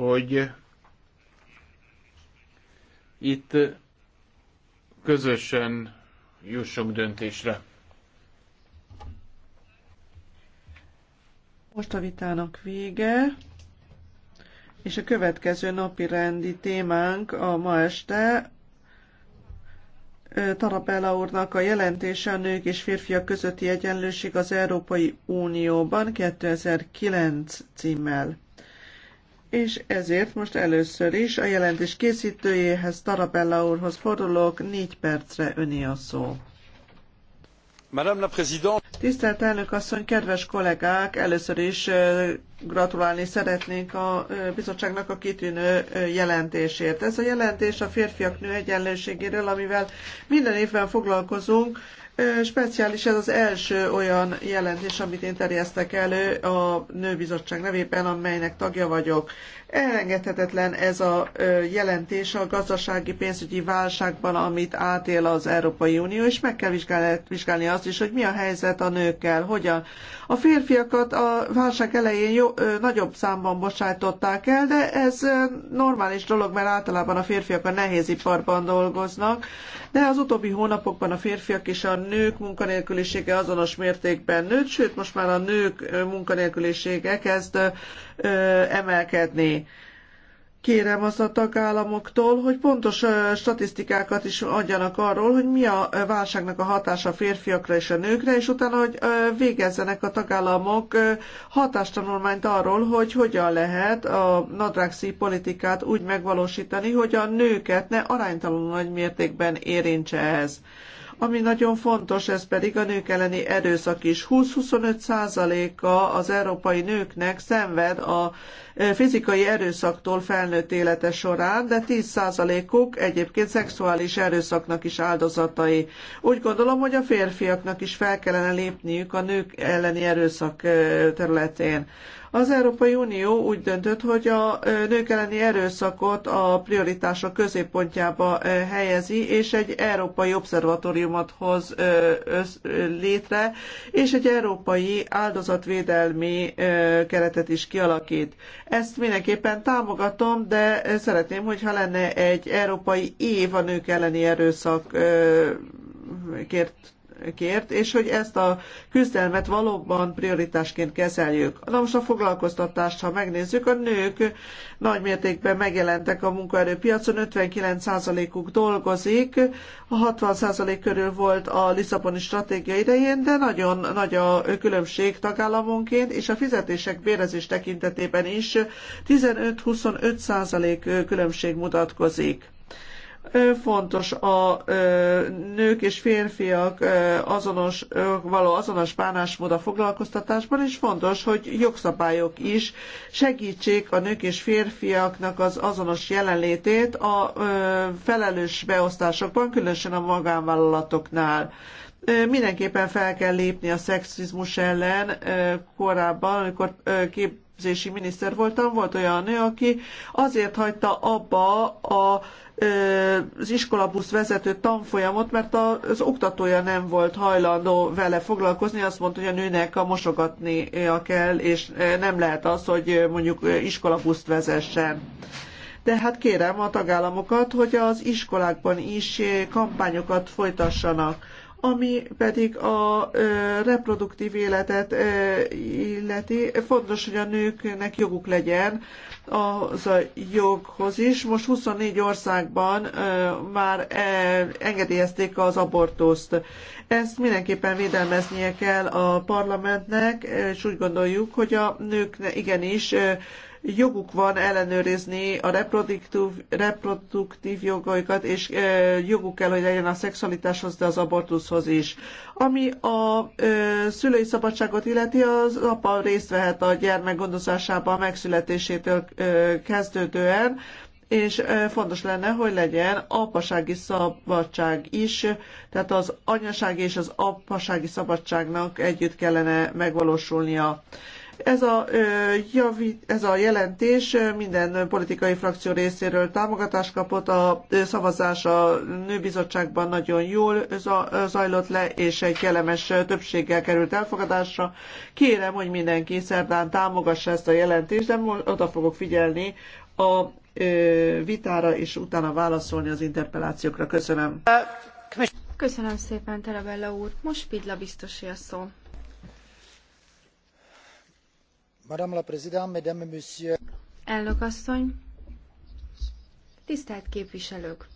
hogy itt közösen jussunk döntésre. Most a vitának vége, és a következő napi rendi témánk a ma este Tarabella úrnak a jelentése a nők és férfiak közötti egyenlőség az Európai Unióban 2009 címmel és ezért most először is a jelentés készítőjéhez, Tarabella úrhoz fordulok, négy percre öné a szó. Madame la Présidente. Tisztelt elnök asszony, kedves kollégák, először is gratulálni szeretnénk a bizottságnak a kitűnő jelentésért. Ez a jelentés a férfiak nő egyenlőségéről, amivel minden évben foglalkozunk, Speciális ez az első olyan jelentés, amit én terjesztek elő a Nőbizottság nevében, amelynek tagja vagyok. Elengedhetetlen ez a jelentés a gazdasági pénzügyi válságban, amit átél az Európai Unió, és meg kell vizsgálni azt is, hogy mi a helyzet a nőkkel, hogyan. A férfiakat a válság elején jó, nagyobb számban bocsájtották el, de ez normális dolog, mert általában a férfiak a nehéz iparban dolgoznak, de az utóbbi hónapokban a férfiak és a nők munkanélkülisége azonos mértékben nőtt, sőt most már a nők munkanélkülisége kezd emelkedni. Kérem azt a tagállamoktól, hogy pontos statisztikákat is adjanak arról, hogy mi a válságnak a hatása a férfiakra és a nőkre, és utána, hogy végezzenek a tagállamok hatástanulmányt arról, hogy hogyan lehet a nadrágszi politikát úgy megvalósítani, hogy a nőket ne aránytalanul nagy mértékben érintse ez. Ami nagyon fontos, ez pedig a nők elleni erőszak is. 20-25 százaléka az európai nőknek szenved a fizikai erőszaktól felnőtt élete során, de 10 százalékuk egyébként szexuális erőszaknak is áldozatai. Úgy gondolom, hogy a férfiaknak is fel kellene lépniük a nők elleni erőszak területén. Az Európai Unió úgy döntött, hogy a nők elleni erőszakot a prioritások középpontjába helyezi, és egy európai obszervatóriumot hoz létre, és egy európai áldozatvédelmi keretet is kialakít. Ezt mindenképpen támogatom, de szeretném, hogyha lenne egy európai év a nők elleni erőszakért kért, és hogy ezt a küzdelmet valóban prioritásként kezeljük. Na most a foglalkoztatást, ha megnézzük, a nők nagy mértékben megjelentek a munkaerőpiacon, 59%-uk dolgozik, a 60% körül volt a Lisszaboni stratégia idején, de nagyon nagy a különbség tagállamonként, és a fizetések bérezés tekintetében is 15-25% különbség mutatkozik Fontos a nők és férfiak azonos, való azonos bánásmód a foglalkoztatásban, és fontos, hogy jogszabályok is segítsék a nők és férfiaknak az azonos jelenlétét a felelős beosztásokban, különösen a magánvállalatoknál mindenképpen fel kell lépni a szexizmus ellen korábban, amikor kép képzési miniszter voltam, volt olyan nő, aki azért hagyta abba a, az iskolabusz vezető tanfolyamot, mert az oktatója nem volt hajlandó vele foglalkozni, azt mondta, hogy a nőnek a mosogatni kell, és nem lehet az, hogy mondjuk iskolabuszt vezessen. De hát kérem a tagállamokat, hogy az iskolákban is kampányokat folytassanak ami pedig a reproduktív életet illeti. Fontos, hogy a nőknek joguk legyen az a joghoz is. Most 24 országban már engedélyezték az abortuszt. Ezt mindenképpen védelmeznie kell a parlamentnek, és úgy gondoljuk, hogy a nők igenis joguk van ellenőrizni a reproduktív, reproduktív jogaikat, és joguk kell, hogy legyen a szexualitáshoz, de az abortuszhoz is. Ami a szülői szabadságot illeti, az apa részt vehet a gyermek gondozásában a megszületésétől kezdődően, és fontos lenne, hogy legyen apasági szabadság is, tehát az anyasági és az apasági szabadságnak együtt kellene megvalósulnia. Ez a, javi, ez a jelentés minden politikai frakció részéről támogatást kapott, a szavazás a nőbizottságban nagyon jól zajlott le, és egy kellemes többséggel került elfogadásra. Kérem, hogy mindenki szerdán támogassa ezt a jelentést, de oda fogok figyelni a vitára, és utána válaszolni az interpellációkra. Köszönöm. Köszönöm szépen, Terebella úr. Most Pidla biztosé a szó. Elnök asszony, tisztelt képviselők!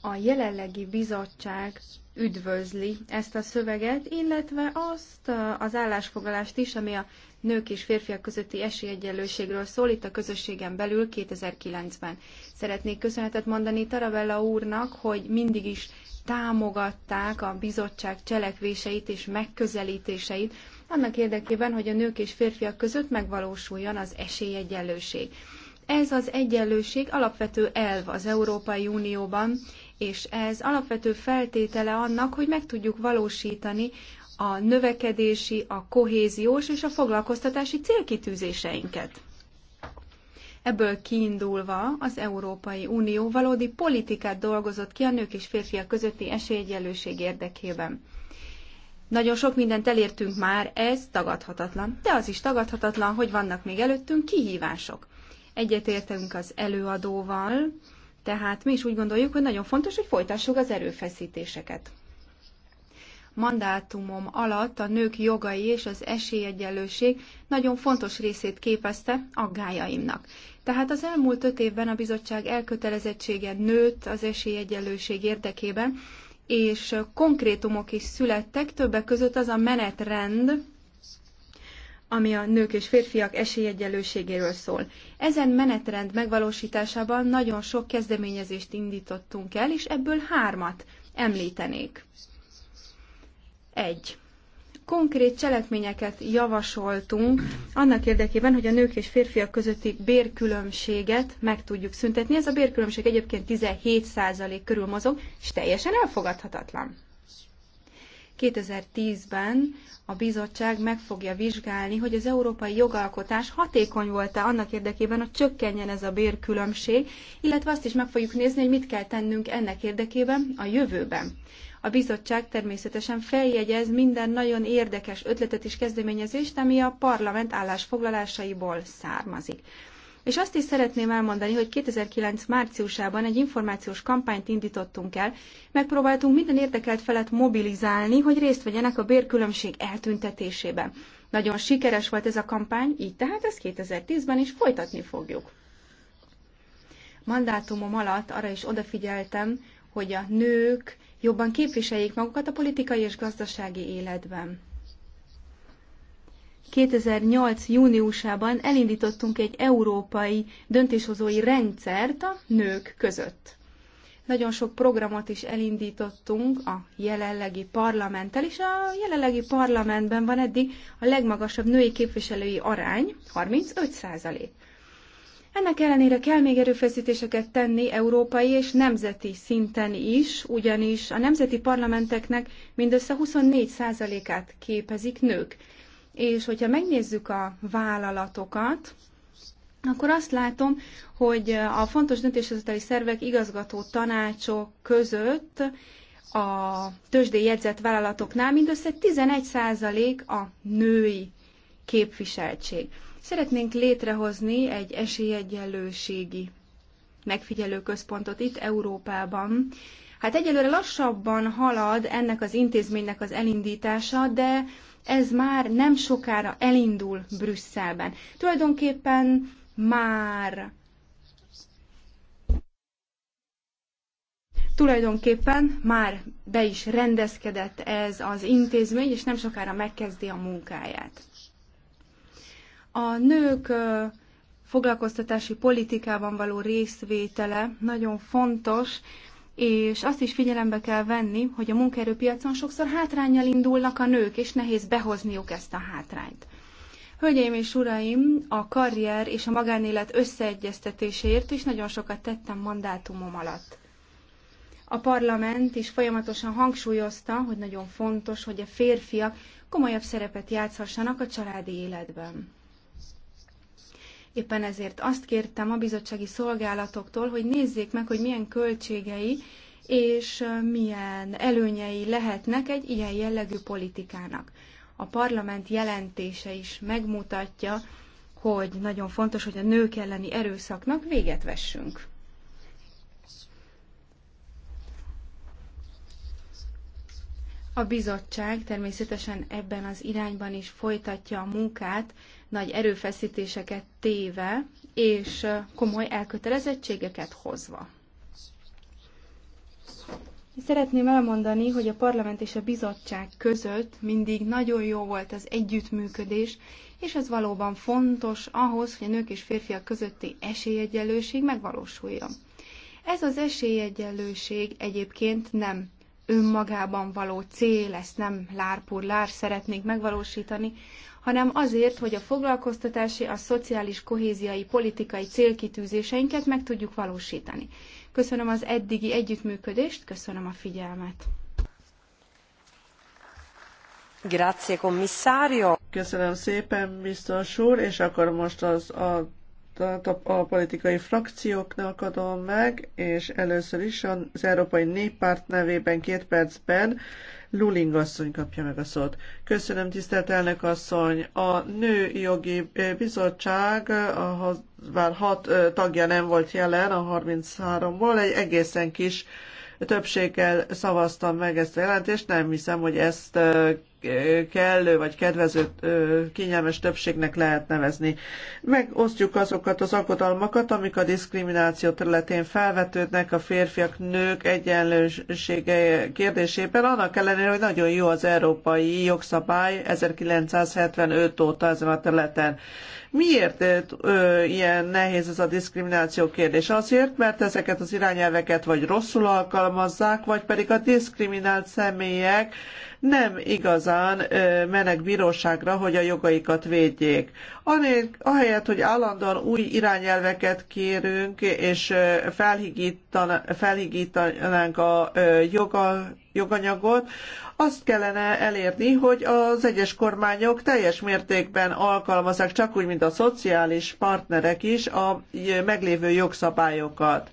A jelenlegi bizottság üdvözli ezt a szöveget, illetve azt az állásfoglalást is, ami a nők és férfiak közötti esélyegyenlőségről szól itt a közösségen belül 2009-ben. Szeretnék köszönetet mondani Tarabella úrnak, hogy mindig is támogatták a bizottság cselekvéseit és megközelítéseit annak érdekében, hogy a nők és férfiak között megvalósuljon az esélyegyenlőség. Ez az egyenlőség alapvető elv az Európai Unióban, és ez alapvető feltétele annak, hogy meg tudjuk valósítani a növekedési, a kohéziós és a foglalkoztatási célkitűzéseinket. Ebből kiindulva az Európai Unió valódi politikát dolgozott ki a nők és férfiak közötti esélyegyenlőség érdekében. Nagyon sok mindent elértünk már, ez tagadhatatlan. De az is tagadhatatlan, hogy vannak még előttünk kihívások. Egyetértünk az előadóval, tehát mi is úgy gondoljuk, hogy nagyon fontos, hogy folytassuk az erőfeszítéseket. Mandátumom alatt a nők jogai és az esélyegyenlőség nagyon fontos részét képezte aggájaimnak. Tehát az elmúlt öt évben a bizottság elkötelezettsége nőtt az esélyegyenlőség érdekében, és konkrétumok is születtek, többek között az a menetrend, ami a nők és férfiak esélyegyenlőségéről szól. Ezen menetrend megvalósításában nagyon sok kezdeményezést indítottunk el, és ebből hármat említenék. Egy konkrét cselekményeket javasoltunk annak érdekében, hogy a nők és férfiak közötti bérkülönbséget meg tudjuk szüntetni. Ez a bérkülönbség egyébként 17% körül mozog, és teljesen elfogadhatatlan. 2010-ben a bizottság meg fogja vizsgálni, hogy az európai jogalkotás hatékony volt-e annak érdekében, hogy csökkenjen ez a bérkülönbség, illetve azt is meg fogjuk nézni, hogy mit kell tennünk ennek érdekében a jövőben. A bizottság természetesen feljegyez minden nagyon érdekes ötletet és kezdeményezést, ami a parlament állásfoglalásaiból származik. És azt is szeretném elmondani, hogy 2009 márciusában egy információs kampányt indítottunk el, megpróbáltunk minden érdekelt felet mobilizálni, hogy részt vegyenek a bérkülönbség eltüntetésében. Nagyon sikeres volt ez a kampány, így tehát ezt 2010-ben is folytatni fogjuk. Mandátumom alatt arra is odafigyeltem, hogy a nők jobban képviseljék magukat a politikai és gazdasági életben. 2008. júniusában elindítottunk egy európai döntéshozói rendszert a nők között. Nagyon sok programot is elindítottunk a jelenlegi parlamenttel, és a jelenlegi parlamentben van eddig a legmagasabb női képviselői arány, 35 százalék. Ennek ellenére kell még erőfeszítéseket tenni európai és nemzeti szinten is, ugyanis a nemzeti parlamenteknek mindössze 24%-át képezik nők. És hogyha megnézzük a vállalatokat, akkor azt látom, hogy a fontos döntéshozatali szervek igazgató tanácsok között a tőzsdén jegyzett vállalatoknál mindössze 11% a női képviseltség. Szeretnénk létrehozni egy esélyegyenlőségi megfigyelő központot itt Európában. Hát egyelőre lassabban halad ennek az intézménynek az elindítása, de ez már nem sokára elindul Brüsszelben. Tulajdonképpen már tulajdonképpen már be is rendezkedett ez az intézmény, és nem sokára megkezdi a munkáját. A nők foglalkoztatási politikában való részvétele nagyon fontos, és azt is figyelembe kell venni, hogy a munkaerőpiacon sokszor hátrányjal indulnak a nők, és nehéz behozniuk ezt a hátrányt. Hölgyeim és uraim, a karrier és a magánélet összeegyeztetéséért is nagyon sokat tettem mandátumom alatt. A parlament is folyamatosan hangsúlyozta, hogy nagyon fontos, hogy a férfiak komolyabb szerepet játszhassanak a családi életben. Éppen ezért azt kértem a bizottsági szolgálatoktól, hogy nézzék meg, hogy milyen költségei és milyen előnyei lehetnek egy ilyen jellegű politikának. A parlament jelentése is megmutatja, hogy nagyon fontos, hogy a nők elleni erőszaknak véget vessünk. A bizottság természetesen ebben az irányban is folytatja a munkát, nagy erőfeszítéseket téve és komoly elkötelezettségeket hozva. Szeretném elmondani, hogy a parlament és a bizottság között mindig nagyon jó volt az együttműködés, és ez valóban fontos ahhoz, hogy a nők és férfiak közötti esélyegyenlőség megvalósuljon. Ez az esélyegyenlőség egyébként nem önmagában való cél, ezt nem lárpurlár szeretnék megvalósítani, hanem azért, hogy a foglalkoztatási, a szociális kohéziai politikai célkitűzéseinket meg tudjuk valósítani. Köszönöm az eddigi együttműködést, köszönöm a figyelmet. Grazie, commissario. Köszönöm szépen, biztos úr, és akkor most az a szót a politikai frakcióknak adom meg, és először is az Európai Néppárt nevében két percben Luling asszony kapja meg a szót. Köszönöm, tisztelt elnök asszony! A Nőjogi Bizottság, bár hat tagja nem volt jelen a 33-ból, egy egészen kis többséggel szavaztam meg ezt a jelentést, nem hiszem, hogy ezt kellő vagy kedvező kényelmes többségnek lehet nevezni. Megosztjuk azokat az alkotalmakat, amik a diszkrimináció területén felvetődnek a férfiak, nők egyenlősége kérdésében, annak ellenére, hogy nagyon jó az európai jogszabály 1975 óta ezen a területen. Miért ö, ilyen nehéz ez a diszkrimináció kérdés? Azért, mert ezeket az irányelveket vagy rosszul alkalmazzák, vagy pedig a diszkriminált személyek nem igazán ö, menek bíróságra, hogy a jogaikat védjék. Anél, ahelyett, hogy állandóan új irányelveket kérünk, és felhigítanánk a ö, joga joganyagot, azt kellene elérni, hogy az egyes kormányok teljes mértékben alkalmazzák, csak úgy, mint a szociális partnerek is, a meglévő jogszabályokat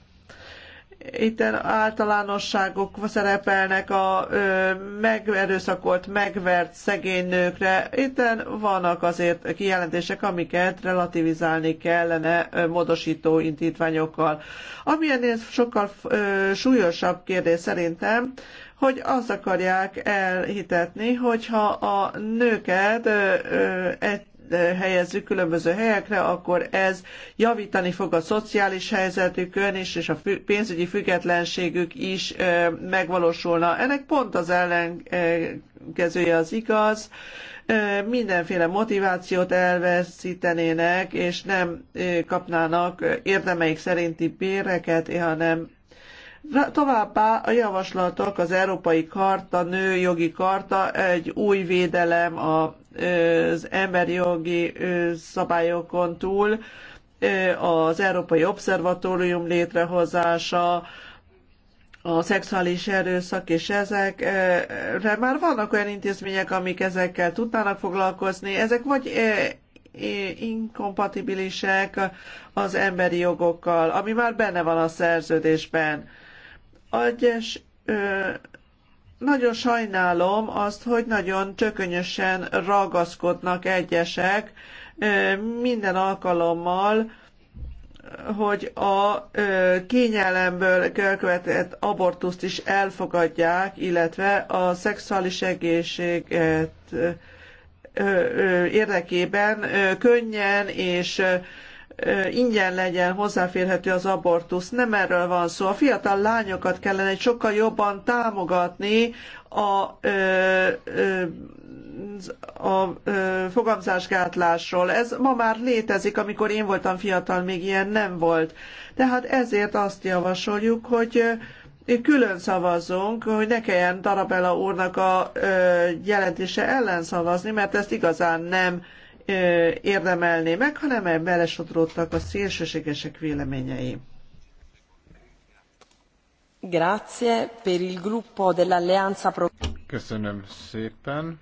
itt általánosságok szerepelnek a ö, megerőszakolt, megvert szegény nőkre. Itt vannak azért kijelentések, amiket relativizálni kellene ö, módosító intítványokkal. Ami ennél sokkal ö, súlyosabb kérdés szerintem, hogy azt akarják elhitetni, hogyha a nőket egy helyezzük különböző helyekre, akkor ez javítani fog a szociális helyzetükön is, és a pénzügyi függetlenségük is megvalósulna. Ennek pont az ellenkezője az igaz. Mindenféle motivációt elveszítenének, és nem kapnának érdemeik szerinti béreket, hanem Továbbá a javaslatok az Európai Karta, jogi Karta, egy új védelem az emberi jogi szabályokon túl, az Európai Obszervatórium létrehozása, a szexuális erőszak és ezekre már vannak olyan intézmények, amik ezekkel tudnának foglalkozni. Ezek vagy inkompatibilisek az emberi jogokkal, ami már benne van a szerződésben egyes nagyon sajnálom azt, hogy nagyon tökönyösen ragaszkodnak egyesek minden alkalommal, hogy a kényelemből követett abortuszt is elfogadják, illetve a szexuális egészséget érdekében könnyen és ingyen legyen hozzáférhető az abortusz. Nem erről van szó. A fiatal lányokat kellene egy sokkal jobban támogatni a, a fogamzásgátlásról. Ez ma már létezik, amikor én voltam fiatal, még ilyen nem volt. Tehát ezért azt javasoljuk, hogy külön szavazzunk, hogy ne kelljen Darabella úrnak a jelentése ellen szavazni, mert ezt igazán nem érdemelné meg, hanem belesodródtak a szélsőségesek véleményei. Grazie per il gruppo dell'Alleanza Pro... Köszönöm szépen.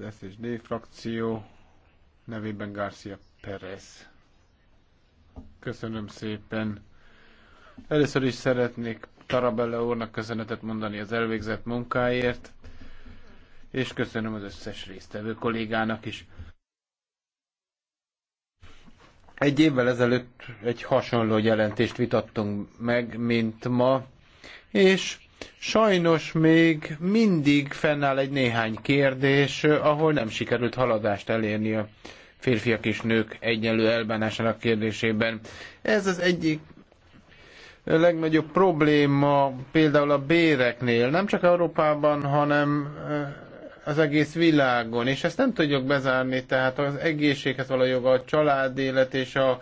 Az SSD frakció nevében Garcia Perez. Köszönöm szépen. Először is szeretnék Tarabella úrnak köszönetet mondani az elvégzett munkáért és köszönöm az összes résztvevő kollégának is. Egy évvel ezelőtt egy hasonló jelentést vitattunk meg, mint ma, és sajnos még mindig fennáll egy néhány kérdés, ahol nem sikerült haladást elérni a férfiak és nők egyenlő elbánásának kérdésében. Ez az egyik a legnagyobb probléma például a béreknél, nem csak Európában, hanem az egész világon, és ezt nem tudjuk bezárni, tehát az egészséghez való joga, a család élet és a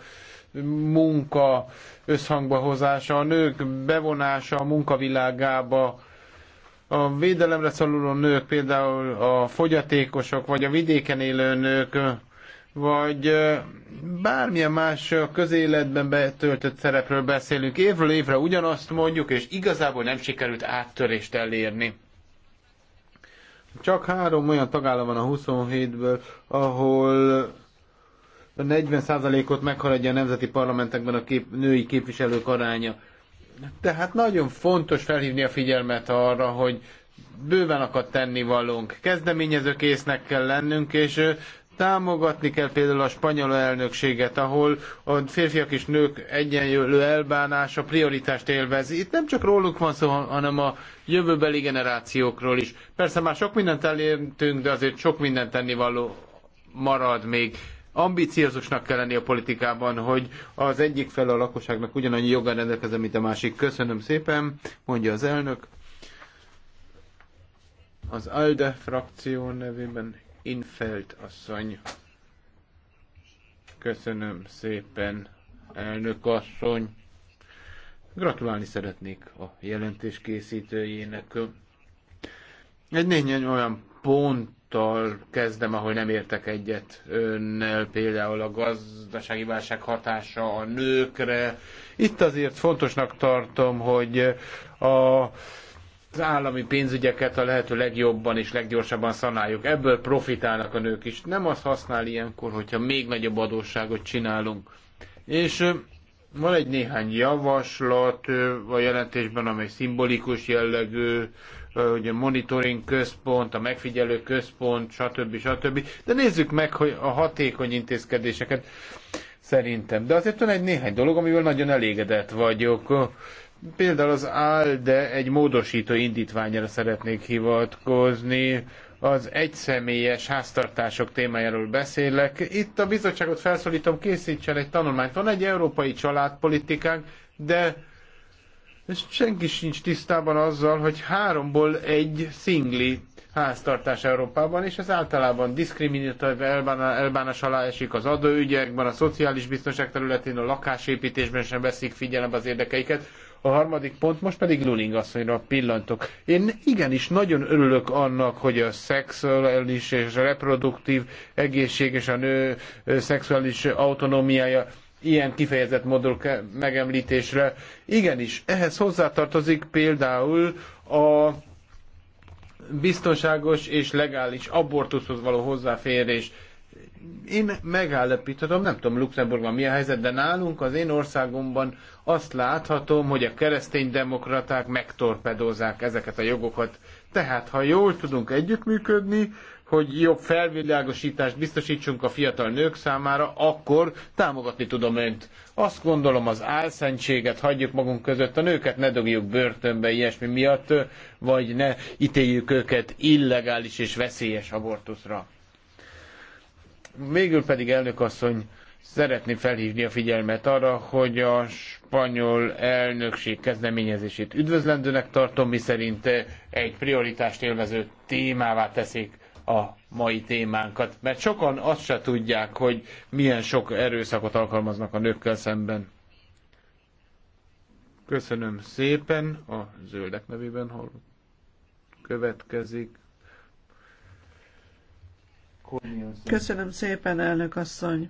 munka összhangba hozása, a nők bevonása a munkavilágába, a védelemre szoruló nők, például a fogyatékosok, vagy a vidéken élő nők, vagy bármilyen más közéletben betöltött szerepről beszélünk. Évről évre ugyanazt mondjuk, és igazából nem sikerült áttörést elérni. Csak három olyan tagállam van a 27-ből, ahol 40%-ot meghaladja a nemzeti parlamentekben a kép, női képviselők aránya. Tehát nagyon fontos felhívni a figyelmet arra, hogy bőven akad tennivalónk. késznek kell lennünk, és Támogatni kell például a spanyol elnökséget, ahol a férfiak és nők egyenlő elbánása prioritást élvez. Itt nem csak róluk van szó, hanem a jövőbeli generációkról is. Persze már sok mindent elértünk, de azért sok mindent tennivaló marad még. Ambiciózusnak kell lenni a politikában, hogy az egyik fel a lakosságnak ugyanannyi joga rendelkezem, mint a másik. Köszönöm szépen, mondja az elnök. Az ALDE frakció nevében Infeld asszony. Köszönöm szépen, elnök asszony. Gratulálni szeretnék a jelentés készítőjének. Egy néhány olyan ponttal kezdem, ahol nem értek egyet önnel, például a gazdasági válság hatása a nőkre. Itt azért fontosnak tartom, hogy a az állami pénzügyeket a lehető legjobban és leggyorsabban szanáljuk. Ebből profitálnak a nők is. Nem azt használ ilyenkor, hogyha még nagyobb adósságot csinálunk. És van egy néhány javaslat a jelentésben, amely szimbolikus jellegű, hogy a monitoring központ, a megfigyelő központ, stb. stb. De nézzük meg hogy a hatékony intézkedéseket szerintem. De azért van egy néhány dolog, amivel nagyon elégedett vagyok. Például az ALDE egy módosító indítványra szeretnék hivatkozni, az egyszemélyes háztartások témájáról beszélek. Itt a bizottságot felszólítom, készítsen egy tanulmányt. Van egy európai családpolitikánk, de senki sincs tisztában azzal, hogy háromból egy szingli háztartás Európában, és ez általában diszkriminatív elbánás alá esik az adóügyekben, a szociális biztonság területén, a lakásépítésben sem veszik figyelembe az érdekeiket. A harmadik pont, most pedig Luling asszonyra pillantok. Én igenis nagyon örülök annak, hogy a szexuális és a reproduktív egészség és a nő szexuális autonómiája ilyen kifejezett módon megemlítésre. Igenis, ehhez hozzátartozik például a biztonságos és legális abortuszhoz való hozzáférés. Én megállapíthatom, nem tudom Luxemburgban mi a helyzet, de nálunk az én országomban azt láthatom, hogy a keresztény demokraták megtorpedózák ezeket a jogokat. Tehát, ha jól tudunk együttműködni, hogy jobb felvilágosítást biztosítsunk a fiatal nők számára, akkor támogatni tudom önt. Azt gondolom, az álszentséget hagyjuk magunk között, a nőket ne dugjuk börtönbe ilyesmi miatt, vagy ne ítéljük őket illegális és veszélyes abortuszra. Végül pedig elnök asszony, Szeretném felhívni a figyelmet arra, hogy a spanyol elnökség kezdeményezését üdvözlendőnek tartom, miszerint egy prioritást élvező témává teszik a mai témánkat, mert sokan azt se tudják, hogy milyen sok erőszakot alkalmaznak a nőkkel szemben. Köszönöm szépen. A zöldek nevében hol következik. Köszönöm szépen, elnök asszony.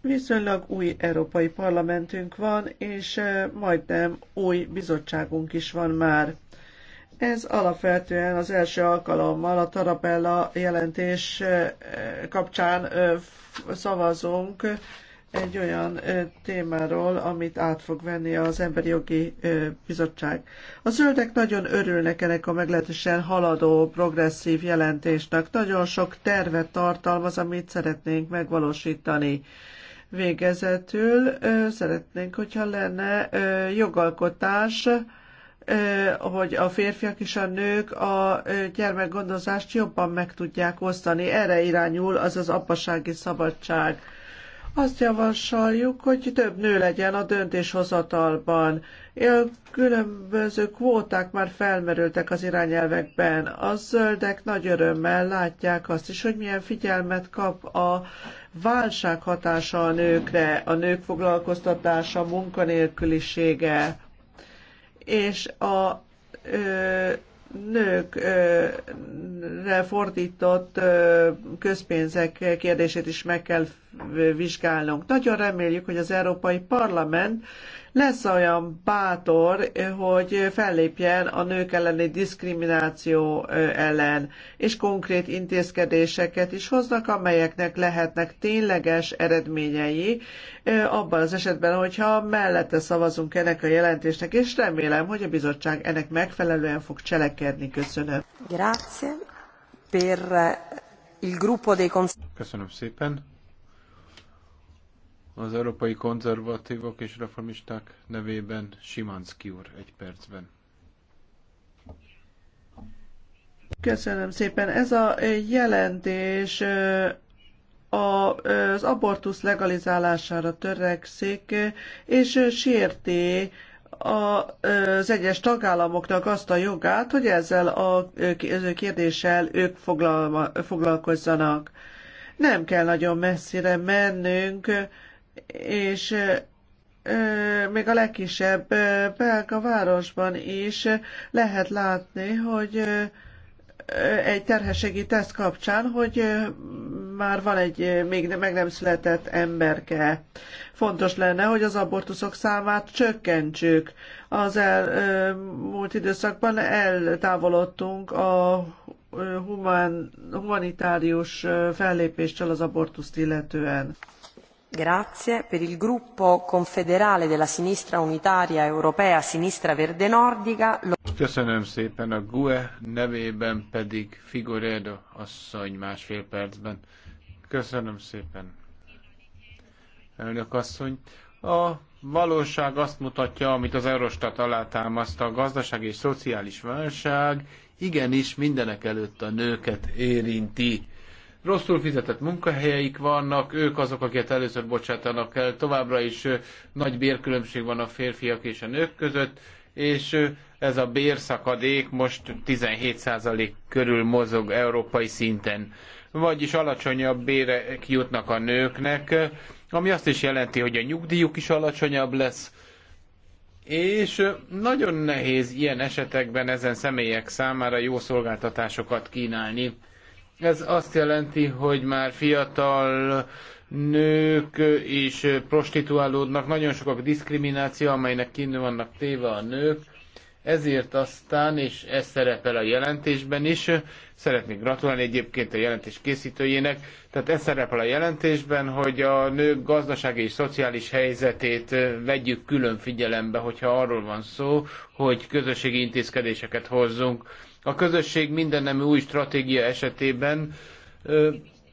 Viszonylag új Európai Parlamentünk van, és majdnem új bizottságunk is van már. Ez alapvetően az első alkalommal a Tarabella jelentés kapcsán szavazunk egy olyan témáról, amit át fog venni az Emberi Jogi Bizottság. A zöldek nagyon örülnek ennek a meglehetősen haladó, progresszív jelentésnek. Nagyon sok tervet tartalmaz, amit szeretnénk megvalósítani. Végezetül szeretnénk, hogyha lenne jogalkotás, hogy a férfiak és a nők a gyermekgondozást jobban meg tudják osztani. Erre irányul az az apasági szabadság azt javasoljuk, hogy több nő legyen a döntéshozatalban. Különböző kvóták már felmerültek az irányelvekben. A zöldek nagy örömmel látják azt is, hogy milyen figyelmet kap a válság hatása a nőkre, a nők foglalkoztatása, munkanélkülisége. És a ö, nőkre fordított közpénzek kérdését is meg kell vizsgálnunk. Nagyon reméljük, hogy az Európai Parlament lesz olyan bátor, hogy fellépjen a nők elleni diszkrimináció ellen, és konkrét intézkedéseket is hoznak, amelyeknek lehetnek tényleges eredményei, abban az esetben, hogyha mellette szavazunk ennek a jelentésnek, és remélem, hogy a bizottság ennek megfelelően fog cselekedni. Köszönöm. Grazie per il gruppo dei Köszönöm szépen az európai konzervatívok és reformisták nevében Simanski úr egy percben. Köszönöm szépen. Ez a jelentés az abortusz legalizálására törekszik, és sérti az egyes tagállamoknak azt a jogát, hogy ezzel a kérdéssel ők foglalkozzanak. Nem kell nagyon messzire mennünk, és még a legkisebb belga városban is lehet látni, hogy egy terhességi teszt kapcsán, hogy már van egy még meg nem született emberke. Fontos lenne, hogy az abortuszok számát csökkentsük. Az elmúlt időszakban eltávolodtunk a human, humanitárius fellépéstől az abortuszt illetően. Grazie. Per il gruppo confederale della sinistra unitaria europea sinistra verde nordica. Köszönöm szépen a GUE nevében pedig Figueredo asszony másfél percben. Köszönöm szépen. Elnök asszony, a valóság azt mutatja, amit az Eurostat alátámaszta, a gazdaság és szociális válság igenis mindenek előtt a nőket érinti rosszul fizetett munkahelyeik vannak, ők azok, akiket először bocsátanak el, továbbra is nagy bérkülönbség van a férfiak és a nők között, és ez a bérszakadék most 17% körül mozog európai szinten. Vagyis alacsonyabb bérek jutnak a nőknek, ami azt is jelenti, hogy a nyugdíjuk is alacsonyabb lesz, és nagyon nehéz ilyen esetekben ezen személyek számára jó szolgáltatásokat kínálni. Ez azt jelenti, hogy már fiatal nők is prostituálódnak, nagyon sok a diszkrimináció, amelynek kinő vannak téve a nők, ezért aztán, és ez szerepel a jelentésben is, szeretnék gratulálni egyébként a jelentés készítőjének, tehát ez szerepel a jelentésben, hogy a nők gazdasági és szociális helyzetét vegyük külön figyelembe, hogyha arról van szó, hogy közösségi intézkedéseket hozzunk a közösség mindennemű új stratégia esetében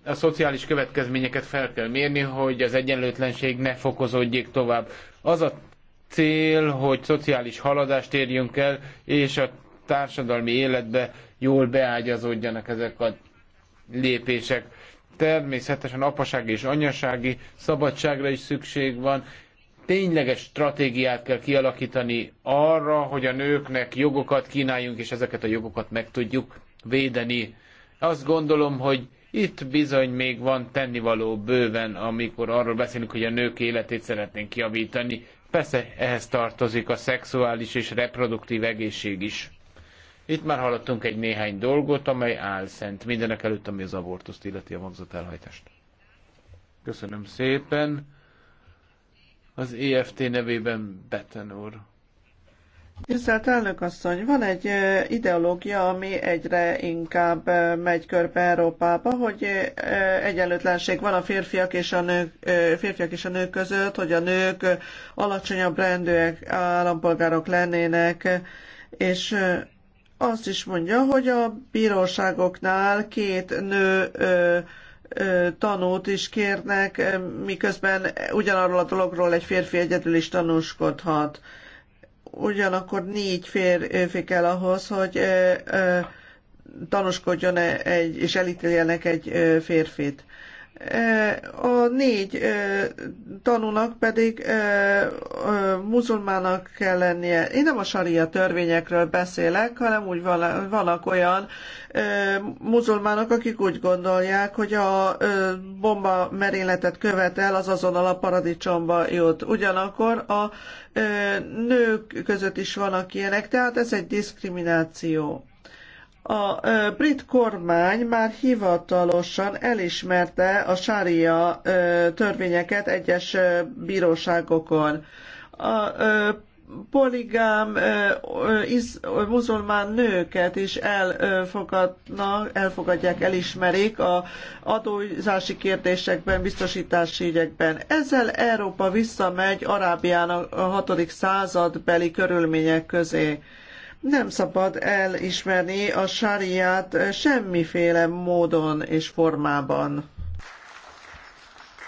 a szociális következményeket fel kell mérni, hogy az egyenlőtlenség ne fokozódjék tovább. Az a cél, hogy szociális haladást érjünk el, és a társadalmi életbe jól beágyazódjanak ezek a lépések. Természetesen apasági és anyasági szabadságra is szükség van, tényleges stratégiát kell kialakítani arra, hogy a nőknek jogokat kínáljunk, és ezeket a jogokat meg tudjuk védeni. Azt gondolom, hogy itt bizony még van tennivaló bőven, amikor arról beszélünk, hogy a nők életét szeretnénk javítani. Persze ehhez tartozik a szexuális és reproduktív egészség is. Itt már hallottunk egy néhány dolgot, amely álszent. Mindenek előtt, ami az abortuszt illeti a magzatelhajtást. Köszönöm szépen az EFT nevében Beten úr. Tisztelt elnök asszony, van egy ideológia, ami egyre inkább megy körbe Európába, hogy egyenlőtlenség van a férfiak és a nők, férfiak és a nők között, hogy a nők alacsonyabb rendűek állampolgárok lennének, és azt is mondja, hogy a bíróságoknál két nő tanút is kérnek, miközben ugyanarról a dologról egy férfi egyedül is tanúskodhat. Ugyanakkor négy férfi kell ahhoz, hogy tanúskodjon egy, és elítéljenek egy férfit a négy tanúnak pedig muzulmának kell lennie. Én nem a saria törvényekről beszélek, hanem úgy vannak olyan muzulmánok, akik úgy gondolják, hogy a bomba merényletet követel, az azonnal a paradicsomba jut. Ugyanakkor a nők között is vannak ilyenek, tehát ez egy diszkrimináció. A brit kormány már hivatalosan elismerte a sária törvényeket egyes bíróságokon. A poligám muzulmán nőket is elfogadják, elismerik a adózási kérdésekben, biztosítási ügyekben. Ezzel Európa visszamegy Arábiának a 6. századbeli körülmények közé nem szabad elismerni a sáriát semmiféle módon és formában.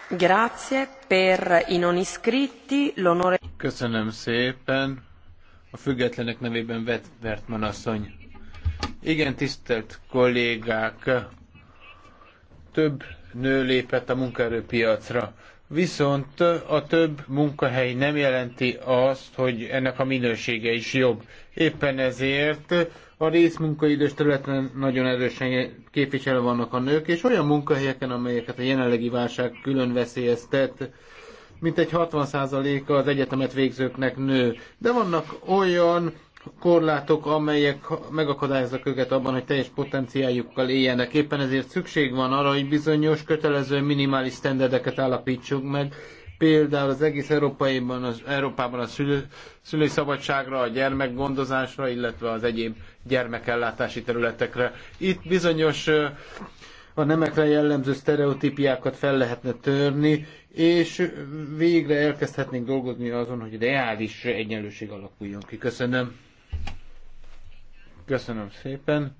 Grazie per i non iscritti l'onore. Köszönöm szépen. A függetlenek nevében vett Vertman asszony. Igen, tisztelt kollégák, több nő lépett a munkaerőpiacra viszont a több munkahely nem jelenti azt, hogy ennek a minősége is jobb. Éppen ezért a részmunkaidős területen nagyon erősen képviselő vannak a nők, és olyan munkahelyeken, amelyeket a jelenlegi válság külön veszélyeztet, mint egy 60%-a az egyetemet végzőknek nő. De vannak olyan korlátok, amelyek megakadályoznak őket abban, hogy teljes potenciáljukkal éljenek. Éppen ezért szükség van arra, hogy bizonyos kötelező minimális standardeket állapítsunk meg, például az egész Európaiban, az Európában a szülő, szülői szabadságra, a gyermekgondozásra, illetve az egyéb gyermekellátási területekre. Itt bizonyos a nemekre jellemző sztereotípiákat fel lehetne törni, és végre elkezdhetnénk dolgozni azon, hogy reális egyenlőség alakuljon ki. Köszönöm. Köszönöm szépen.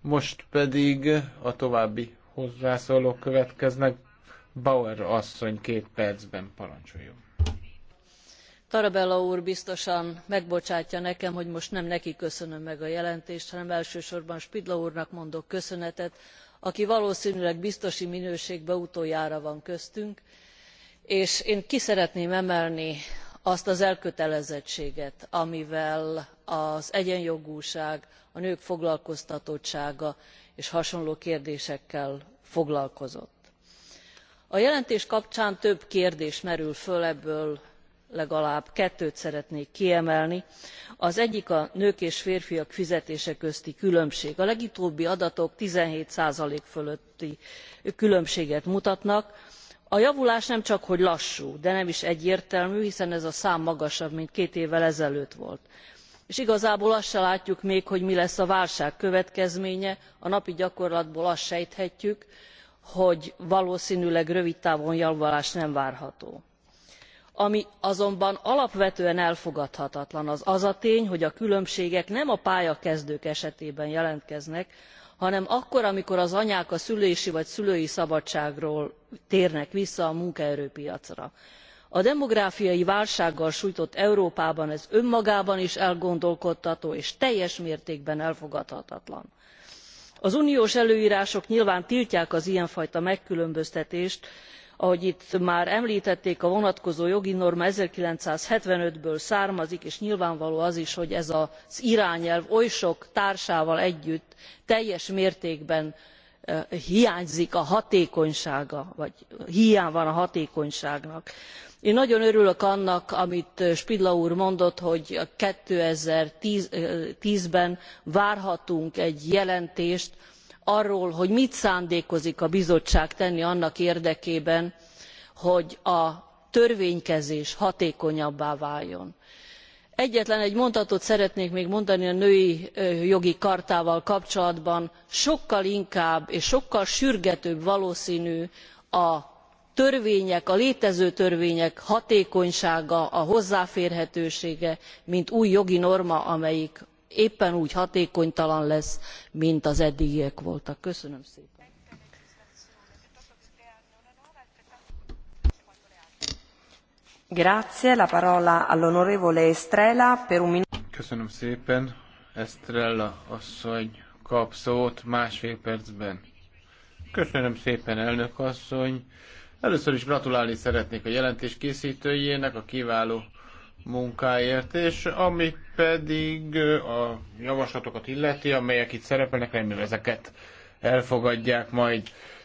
Most pedig a további hozzászólók következnek. Bauer asszony két percben parancsoljon. Tarabella úr biztosan megbocsátja nekem, hogy most nem neki köszönöm meg a jelentést, hanem elsősorban Spidla úrnak mondok köszönetet, aki valószínűleg biztosi minőségbe utoljára van köztünk, és én ki szeretném emelni azt az elkötelezettséget, amivel az egyenjogúság a nők foglalkoztatottsága és hasonló kérdésekkel foglalkozott. a jelentés kapcsán több kérdés merül föl ebből legalább kettőt szeretnék kiemelni az egyik a nők és férfiak fizetése közti különbség. a legutóbbi adatok seventeen fölötti különbséget mutatnak. a javulás nemcsak hogy lassú de nem is egyértelmű hiszen ez a szám magasabb mint két évvel ezelőtt volt és igazából azt se látjuk még hogy mi lesz a válság következménye a napi gyakorlatból azt sejthetjük hogy valósznűleg rövid távon javulás nem várható. ami azonban alapvetően elfogadhatatlan az az a tény hogy a különbségek nem a pályakezdők esetében jelentkeznek hanem akkor amikor az anyák a szülési vagy szülői szabadságról térnek vissza a munkaerőpiacra a demográfiai válsággal sújtott európában ez önmagában is elgondolkodtató és teljes mértékben elfogadhatatlan. az uniós előrások nyilván tiltják az ilyen fajta megkülönböztetést ahogy itt már emltették a vonatkozó jogi norma one thousand nine hundred and seventy ből származik és nyilvánvaló az is hogy ez az irányelv oly sok társával együtt teljes mértékben eh, hiányzik a hatékonysága vagy hiánya van a hatékonyságnak én nagyon örülök annak amit pidla úr mondott hogy two thousand and ten ben várhatunk egy jelentést arról hogy mit szándékozik a bizottság tenni annak érdekében hogy a törvénykezés hatékonyabbá váljon. Egyetlen egy mondatot szeretnék még mondani a női jogi chartával kapcsolatban sokkal inkább és sokkal sürgetőbb valósznű a törvények a létező törvények hatékonysága a hozzáférhetősége mint új jogi norma amelyik éppen úgy hatékonytalan lesz mint az eddigiek voltak. köszönöm szépen! Köszönöm szépen. Estrella asszony kap szót másfél percben. Köszönöm szépen, elnök asszony. Először is gratulálni szeretnék a jelentés készítőjének a kiváló munkáért, és ami pedig a javaslatokat illeti, amelyek itt szerepelnek, remélem ezeket elfogadják majd.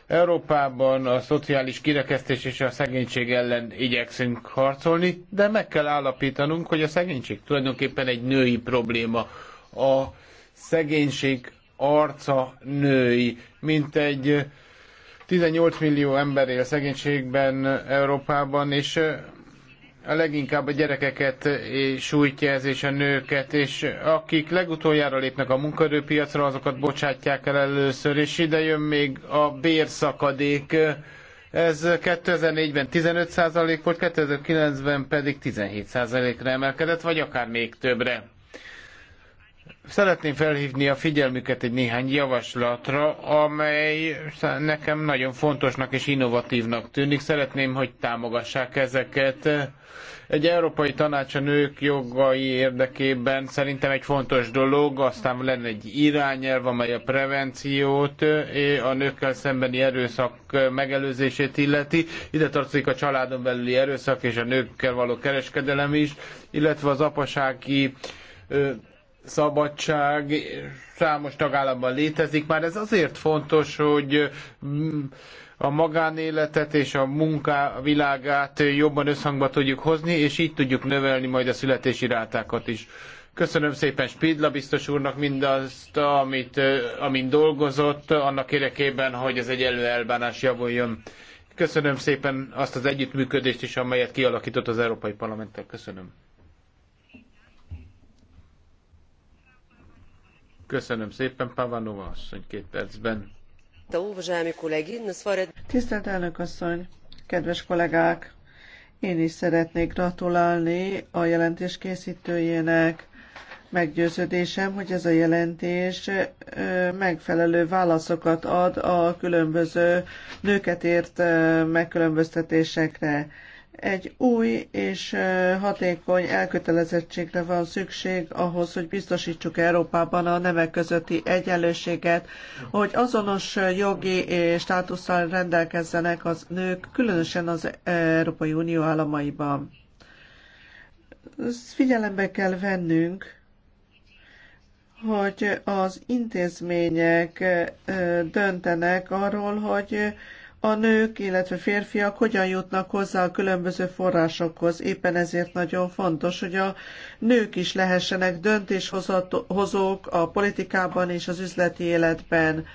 Európában a szociális kirekesztés és a szegénység ellen igyekszünk harcolni, de meg kell állapítanunk, hogy a szegénység tulajdonképpen egy női probléma. A szegénység arca női, mint egy 18 millió ember él szegénységben Európában, és a leginkább a gyerekeket sújtja ez, és a nőket, és akik legutoljára lépnek a munkaerőpiacra, azokat bocsátják el először, és ide jön még a bérszakadék. Ez 2004-ben 15% volt, 2009-ben pedig 17%-ra emelkedett, vagy akár még többre. Szeretném felhívni a figyelmüket egy néhány javaslatra, amely nekem nagyon fontosnak és innovatívnak tűnik. Szeretném, hogy támogassák ezeket. Egy Európai Tanács a nők jogai érdekében szerintem egy fontos dolog, aztán lenne egy irányelv, amely a prevenciót, a nőkkel szembeni erőszak megelőzését illeti. Ide tartozik a családon belüli erőszak és a nőkkel való kereskedelem is, illetve az apasági szabadság számos tagállamban létezik már. Ez azért fontos, hogy mm, a magánéletet és a munka világát jobban összhangba tudjuk hozni, és így tudjuk növelni majd a születési rátákat is. Köszönöm szépen Spidla biztos úrnak mindazt, amit, amin dolgozott, annak érdekében, hogy az egyenlő elbánás javuljon. Köszönöm szépen azt az együttműködést is, amelyet kialakított az Európai Parlamenttel. Köszönöm. Köszönöm szépen, Pavanova asszony, két percben. Tisztelt elnök asszony, kedves kollégák! Én is szeretnék gratulálni a jelentés készítőjének. Meggyőződésem, hogy ez a jelentés megfelelő válaszokat ad a különböző nőket ért megkülönböztetésekre egy új és hatékony elkötelezettségre van szükség ahhoz, hogy biztosítsuk Európában a nemek közötti egyenlőséget, hogy azonos jogi státusszal rendelkezzenek az nők, különösen az Európai Unió államaiban. Ezt figyelembe kell vennünk, hogy az intézmények döntenek arról, hogy a nők, illetve férfiak hogyan jutnak hozzá a különböző forrásokhoz. Éppen ezért nagyon fontos, hogy a nők is lehessenek döntéshozók a politikában és az üzleti életben.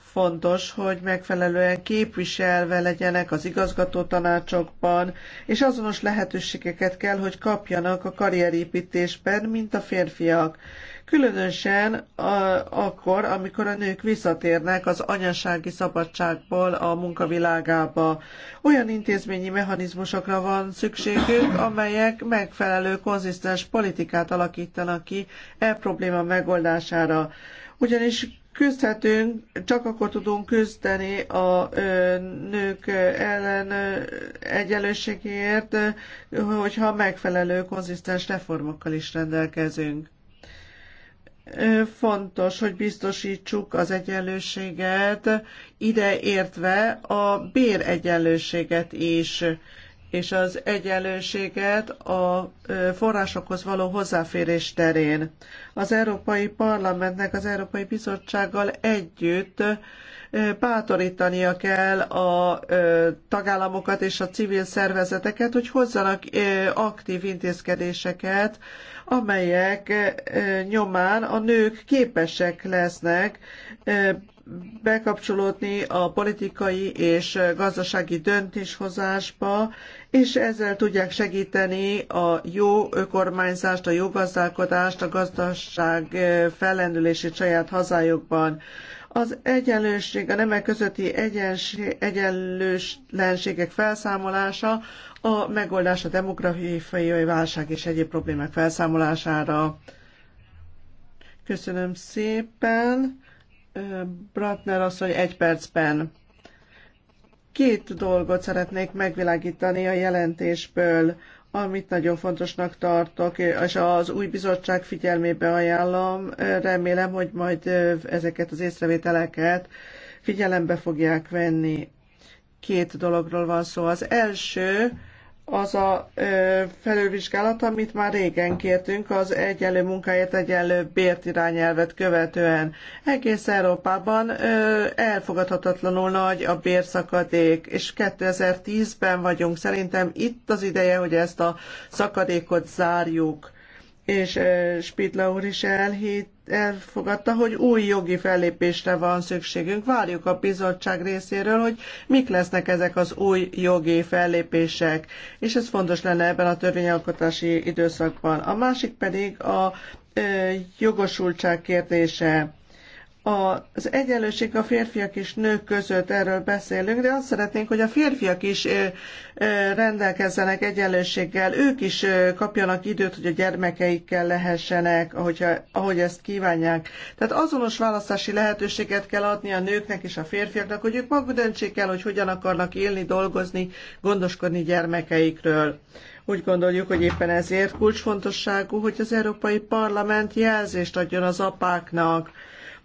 Fontos, hogy megfelelően képviselve legyenek az igazgatótanácsokban, és azonos lehetőségeket kell, hogy kapjanak a karrierépítésben, mint a férfiak különösen a, akkor, amikor a nők visszatérnek az anyasági szabadságból a munkavilágába. Olyan intézményi mechanizmusokra van szükségünk, amelyek megfelelő, konzisztens politikát alakítanak ki e probléma megoldására. Ugyanis küzdhetünk, csak akkor tudunk küzdeni a nők ellen egyenlőségért, hogyha megfelelő, konzisztens reformokkal is rendelkezünk. Fontos, hogy biztosítsuk az egyenlőséget, ide értve a béregyenlőséget is, és az egyenlőséget a forrásokhoz való hozzáférés terén. Az Európai Parlamentnek az Európai Bizottsággal együtt bátorítania kell a tagállamokat és a civil szervezeteket, hogy hozzanak aktív intézkedéseket, amelyek nyomán a nők képesek lesznek bekapcsolódni a politikai és gazdasági döntéshozásba, és ezzel tudják segíteni a jó kormányzást, a jó gazdálkodást, a gazdaság fellendülését saját hazájukban. Az egyenlőség, a nemek közötti egyenség, egyenlőtlenségek felszámolása a megoldás a demográfiai válság és egyéb problémák felszámolására. Köszönöm szépen. Bratner asszony egy percben. Két dolgot szeretnék megvilágítani a jelentésből amit nagyon fontosnak tartok, és az új bizottság figyelmébe ajánlom. Remélem, hogy majd ezeket az észrevételeket figyelembe fogják venni. Két dologról van szó. Az első, az a ö, felülvizsgálat, amit már régen kértünk, az egyenlő munkáért egyenlő bért irányelvet követően. Egész Európában ö, elfogadhatatlanul nagy a bérszakadék, és 2010-ben vagyunk. Szerintem itt az ideje, hogy ezt a szakadékot zárjuk. És ö, Spidla úr is elhitt, elfogadta, hogy új jogi fellépésre van szükségünk. Várjuk a bizottság részéről, hogy mik lesznek ezek az új jogi fellépések, és ez fontos lenne ebben a törvényalkotási időszakban. A másik pedig a jogosultság kérdése az egyenlőség a férfiak és nők között, erről beszélünk, de azt szeretnénk, hogy a férfiak is rendelkezzenek egyenlőséggel, ők is kapjanak időt, hogy a gyermekeikkel lehessenek, ahogyha, ahogy ezt kívánják. Tehát azonos választási lehetőséget kell adni a nőknek és a férfiaknak, hogy ők maguk döntsék el, hogy hogyan akarnak élni, dolgozni, gondoskodni gyermekeikről. Úgy gondoljuk, hogy éppen ezért kulcsfontosságú, hogy az Európai Parlament jelzést adjon az apáknak,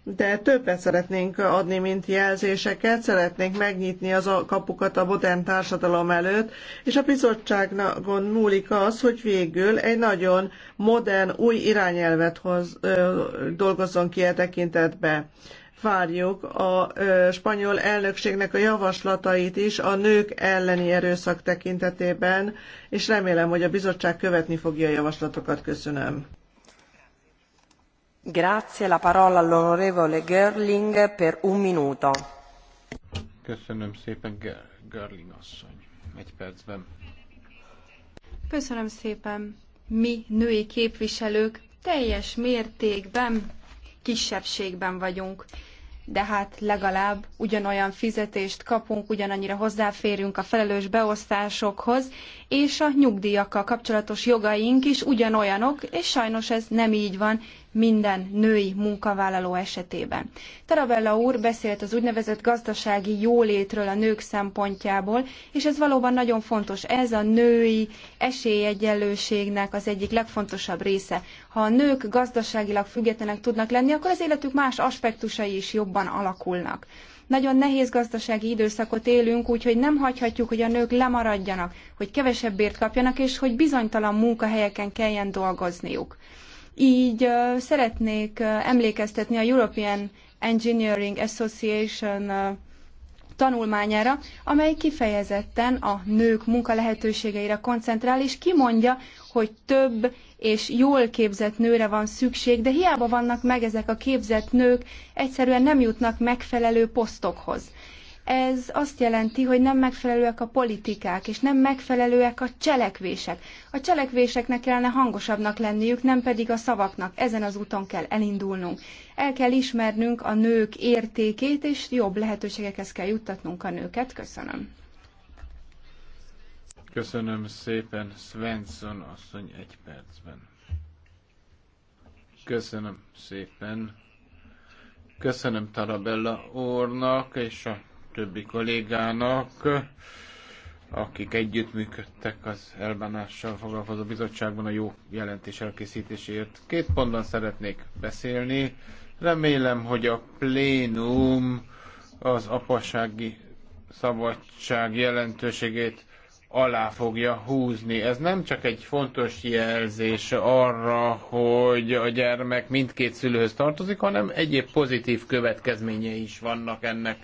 de többet szeretnénk adni, mint jelzéseket, szeretnénk megnyitni az a kapukat a modern társadalom előtt, és a bizottságon múlik az, hogy végül egy nagyon modern, új irányelvet hoz, ö, dolgozzon ki e tekintetbe várjuk a spanyol elnökségnek a javaslatait is a nők elleni erőszak tekintetében, és remélem, hogy a bizottság követni fogja a javaslatokat. Köszönöm. Grazie, la parola all'onorevole per un minuto. Köszönöm szépen, asszony. Köszönöm szépen. Mi, női képviselők, teljes mértékben kisebbségben vagyunk de hát legalább ugyanolyan fizetést kapunk, ugyanannyira hozzáférünk a felelős beosztásokhoz, és a nyugdíjakkal kapcsolatos jogaink is ugyanolyanok, és sajnos ez nem így van minden női munkavállaló esetében. Tarabella úr beszélt az úgynevezett gazdasági jólétről a nők szempontjából, és ez valóban nagyon fontos. Ez a női esélyegyenlőségnek az egyik legfontosabb része. Ha a nők gazdaságilag függetlenek tudnak lenni, akkor az életük más aspektusai is jobban alakulnak. Nagyon nehéz gazdasági időszakot élünk, úgyhogy nem hagyhatjuk, hogy a nők lemaradjanak, hogy kevesebbért kapjanak, és hogy bizonytalan munkahelyeken kelljen dolgozniuk. Így szeretnék emlékeztetni a European Engineering Association tanulmányára, amely kifejezetten a nők munkalehetőségeire koncentrál, és kimondja, hogy több és jól képzett nőre van szükség, de hiába vannak meg ezek a képzett nők, egyszerűen nem jutnak megfelelő posztokhoz ez azt jelenti, hogy nem megfelelőek a politikák, és nem megfelelőek a cselekvések. A cselekvéseknek kellene hangosabbnak lenniük, nem pedig a szavaknak. Ezen az úton kell elindulnunk. El kell ismernünk a nők értékét, és jobb lehetőségekhez kell juttatnunk a nőket. Köszönöm. Köszönöm szépen, Svensson asszony egy percben. Köszönöm szépen. Köszönöm Tarabella úrnak és a többi kollégának, akik együttműködtek az elbánással foglalkozó bizottságban a jó jelentés elkészítéséért. Két pontban szeretnék beszélni. Remélem, hogy a plénum az apassági szabadság jelentőségét alá fogja húzni. Ez nem csak egy fontos jelzés arra, hogy a gyermek mindkét szülőhöz tartozik, hanem egyéb pozitív következményei is vannak ennek.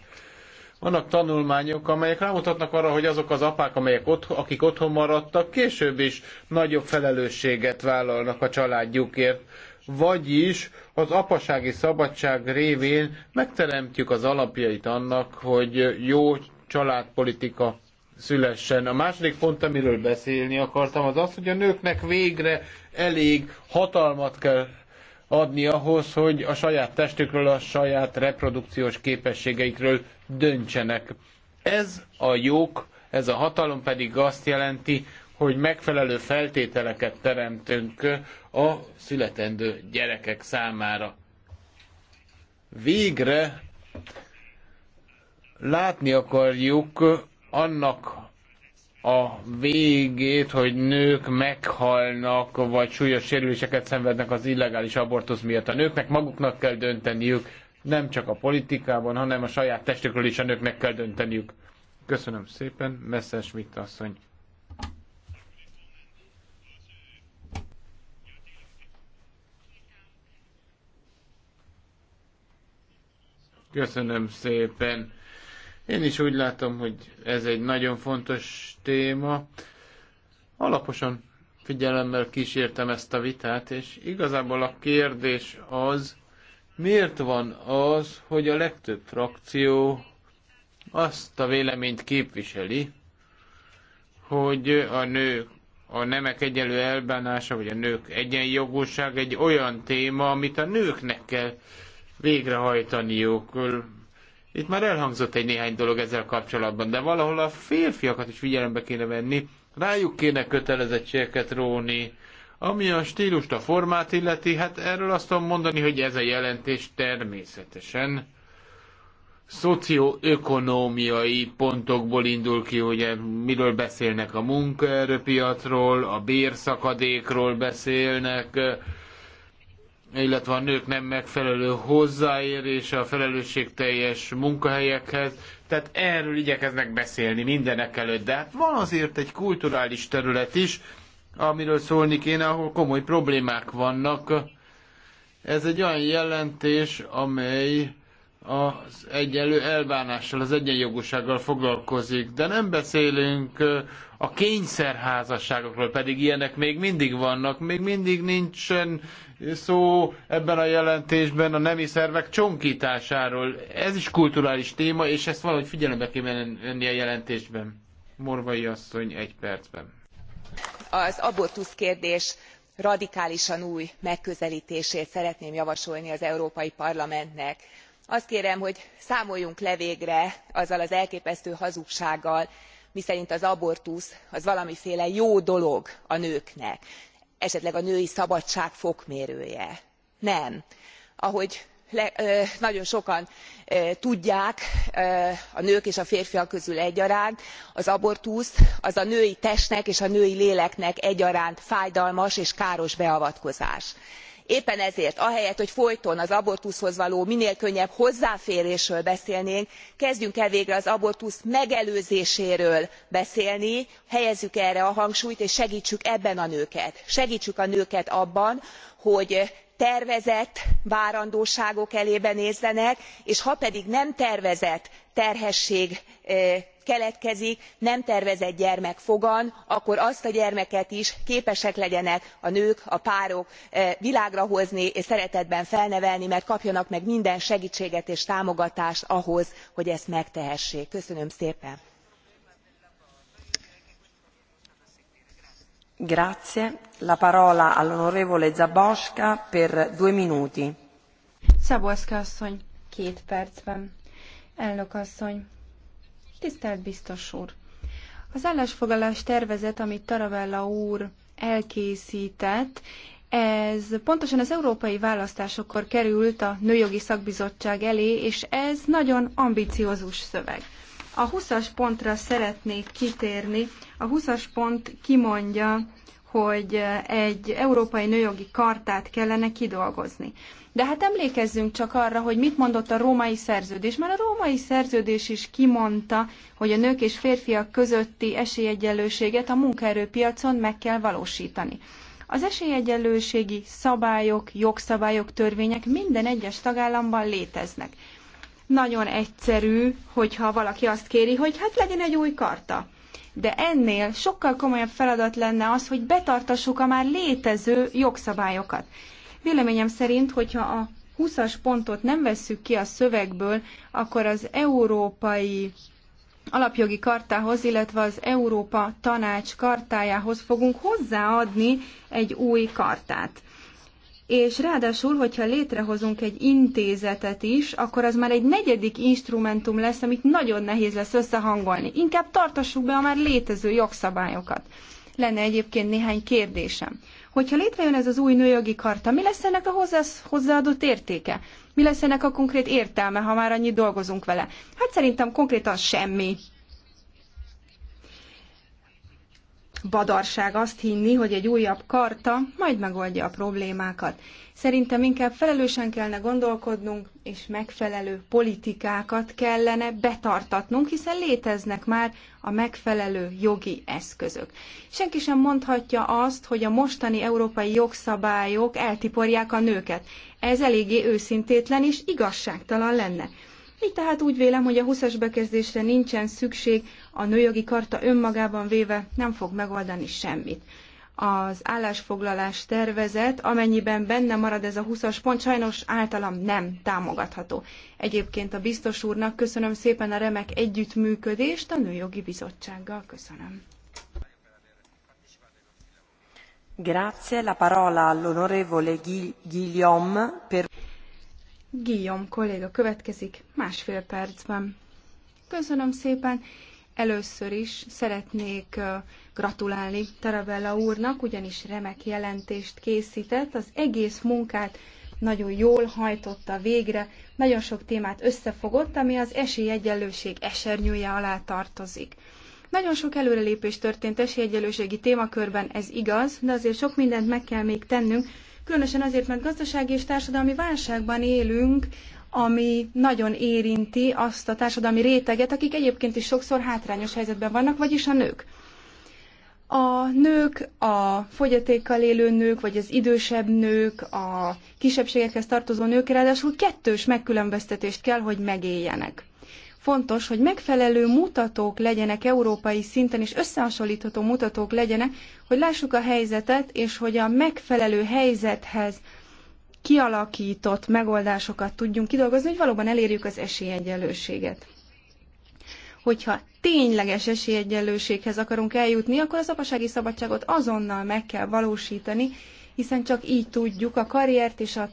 Vannak tanulmányok, amelyek rámutatnak arra, hogy azok az apák, amelyek ott, akik otthon maradtak, később is nagyobb felelősséget vállalnak a családjukért. Vagyis az apasági szabadság révén megteremtjük az alapjait annak, hogy jó családpolitika szülessen. A második pont, amiről beszélni akartam, az az, hogy a nőknek végre elég hatalmat kell adni ahhoz, hogy a saját testükről, a saját reprodukciós képességeikről döntsenek. Ez a jog, ez a hatalom pedig azt jelenti, hogy megfelelő feltételeket teremtünk a születendő gyerekek számára. Végre látni akarjuk annak a végét, hogy nők meghalnak, vagy súlyos sérüléseket szenvednek az illegális abortusz miatt. A nőknek maguknak kell dönteniük, nem csak a politikában, hanem a saját testükről is a nőknek kell dönteniük. Köszönöm szépen, mit asszony. Köszönöm szépen. Én is úgy látom, hogy ez egy nagyon fontos téma. Alaposan figyelemmel kísértem ezt a vitát, és igazából a kérdés az, miért van az, hogy a legtöbb frakció azt a véleményt képviseli, hogy a nők, a nemek egyenlő elbánása, vagy a nők egyenjogúság egy olyan téma, amit a nőknek kell végrehajtaniuk. Itt már elhangzott egy néhány dolog ezzel kapcsolatban, de valahol a férfiakat is figyelembe kéne venni, rájuk kéne kötelezettségeket róni. Ami a stílust, a formát illeti, hát erről azt tudom mondani, hogy ez a jelentés természetesen szocioökonómiai pontokból indul ki, hogy miről beszélnek a munkaerőpiacról, a bérszakadékról beszélnek, illetve a nők nem megfelelő hozzáérése a felelősségteljes munkahelyekhez. Tehát erről igyekeznek beszélni mindenek előtt. De hát van azért egy kulturális terület is, amiről szólni kéne, ahol komoly problémák vannak. Ez egy olyan jelentés, amely az egyenlő elbánással, az egyenjogúsággal foglalkozik, de nem beszélünk a kényszerházasságokról, pedig ilyenek még mindig vannak, még mindig nincsen szó ebben a jelentésben a nemi szervek csonkításáról. Ez is kulturális téma, és ezt valahogy figyelembe kell venni a jelentésben. Morvai asszony egy percben. Az abortusz kérdés radikálisan új megközelítését szeretném javasolni az európai parlamentnek. azt kérem hogy számoljunk le végre azzal az elképesztő hazugsággal miszerint az abortusz az valamiféle jó dolog a nőknek esetleg a női szabadság fokmérője. nem. ahogy nagyon sokan tudják a nők és a férfiak közül egyaránt az abortusz az a női testnek és a női léleknek egyaránt fájdalmas és káros beavatkozás éppen ezért ahelyett hogy folyton az abortuszhoz való minél könnyebb hozzáférésről beszélnénk kezdjünk el végre az abortusz megelőzéséről beszélni helyezzük erre a hangsúlyt és segtsük ebben a nőket segtsük a nőket abban hogy tervezett várandóságok elébe nézzenek és ha pedig nem tervezett terhesség keletkezik nem tervezett gyermek fogan akkor azt a gyermeket is képesek legyenek a nők a párok világra hozni és szeretetben felnevelni mert kapjanak meg minden segtséget és támogatást ahhoz hogy ezt megtehessék. köszönöm szépen! Elnök asszony, tisztelt biztos úr! Az állásfoglalás tervezet, amit Taravella úr elkészített, ez pontosan az európai választásokkor került a Nőjogi Szakbizottság elé, és ez nagyon ambiciózus szöveg. A 20-as pontra szeretnék kitérni. A 20-as pont kimondja, hogy egy európai nőjogi kartát kellene kidolgozni. De hát emlékezzünk csak arra, hogy mit mondott a római szerződés. Már a római szerződés is kimondta, hogy a nők és férfiak közötti esélyegyenlőséget a munkaerőpiacon meg kell valósítani. Az esélyegyenlőségi szabályok, jogszabályok, törvények minden egyes tagállamban léteznek. Nagyon egyszerű, hogyha valaki azt kéri, hogy hát legyen egy új karta de ennél sokkal komolyabb feladat lenne az, hogy betartassuk a már létező jogszabályokat. Véleményem szerint, hogyha a 20-as pontot nem vesszük ki a szövegből, akkor az európai alapjogi kartához, illetve az Európa Tanács kartájához fogunk hozzáadni egy új kartát és ráadásul, hogyha létrehozunk egy intézetet is, akkor az már egy negyedik instrumentum lesz, amit nagyon nehéz lesz összehangolni. Inkább tartassuk be a már létező jogszabályokat. Lenne egyébként néhány kérdésem. Hogyha létrejön ez az új nőjogi karta, mi lesz ennek a hozzáadott értéke? Mi lesz ennek a konkrét értelme, ha már annyit dolgozunk vele? Hát szerintem konkrétan semmi. badarság azt hinni, hogy egy újabb karta majd megoldja a problémákat. Szerintem inkább felelősen kellene gondolkodnunk, és megfelelő politikákat kellene betartatnunk, hiszen léteznek már a megfelelő jogi eszközök. Senki sem mondhatja azt, hogy a mostani európai jogszabályok eltiporják a nőket. Ez eléggé őszintétlen és igazságtalan lenne. Így tehát úgy vélem, hogy a 20-as bekezdésre nincsen szükség, a nőjogi karta önmagában véve nem fog megoldani semmit. Az állásfoglalás tervezet, amennyiben benne marad ez a 20-as pont, sajnos általam nem támogatható. Egyébként a biztos úrnak köszönöm szépen a remek együttműködést a Nőjogi Bizottsággal. Köszönöm. Grazie, la parola all'onorevole Guillaume per... Guillaume kolléga következik másfél percben. Köszönöm szépen. Először is szeretnék gratulálni Tarabella úrnak, ugyanis remek jelentést készített. Az egész munkát nagyon jól hajtotta végre, nagyon sok témát összefogott, ami az esélyegyenlőség esernyője alá tartozik. Nagyon sok előrelépés történt esélyegyenlőségi témakörben, ez igaz, de azért sok mindent meg kell még tennünk, Különösen azért, mert gazdasági és társadalmi válságban élünk, ami nagyon érinti azt a társadalmi réteget, akik egyébként is sokszor hátrányos helyzetben vannak, vagyis a nők. A nők, a fogyatékkal élő nők, vagy az idősebb nők, a kisebbségekhez tartozó nők ráadásul kettős megkülönböztetést kell, hogy megéljenek fontos, hogy megfelelő mutatók legyenek európai szinten, és összehasonlítható mutatók legyenek, hogy lássuk a helyzetet, és hogy a megfelelő helyzethez kialakított megoldásokat tudjunk kidolgozni, hogy valóban elérjük az esélyegyenlőséget. Hogyha tényleges esélyegyenlőséghez akarunk eljutni, akkor az apasági szabadságot azonnal meg kell valósítani, hiszen csak így tudjuk a karriert és a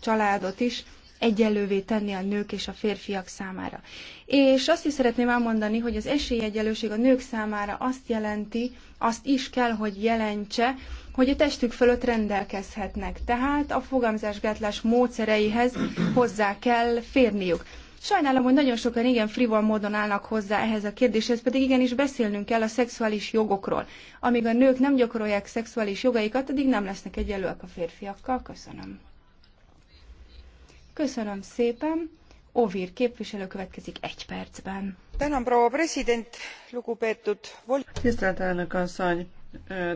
családot is egyenlővé tenni a nők és a férfiak számára. És azt is szeretném elmondani, hogy az esélyegyenlőség a nők számára azt jelenti, azt is kell, hogy jelentse, hogy a testük fölött rendelkezhetnek. Tehát a fogamzásgátlás módszereihez hozzá kell férniük. Sajnálom, hogy nagyon sokan igen frivol módon állnak hozzá ehhez a kérdéshez, pedig igenis beszélnünk kell a szexuális jogokról. Amíg a nők nem gyakorolják szexuális jogaikat, addig nem lesznek egyenlőek a férfiakkal. Köszönöm. Köszönöm szépen. Ovir képviselő következik egy percben. Tänan, proua president, lugupeetud vol... Tisztelt elnök asszony,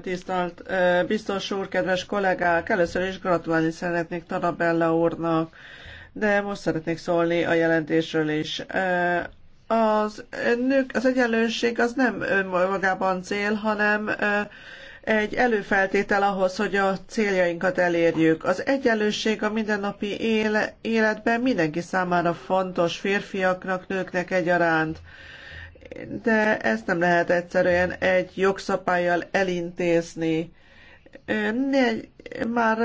tisztelt biztos úr, kedves kollégák! Először is gratulálni szeretnék Tarabella úrnak, de most szeretnék szólni a jelentésről is az nők, az egyenlőség az nem önmagában cél, hanem egy előfeltétel ahhoz, hogy a céljainkat elérjük. Az egyenlőség a mindennapi életben mindenki számára fontos, férfiaknak, nőknek egyaránt de ezt nem lehet egyszerűen egy jogszabályjal elintézni. Már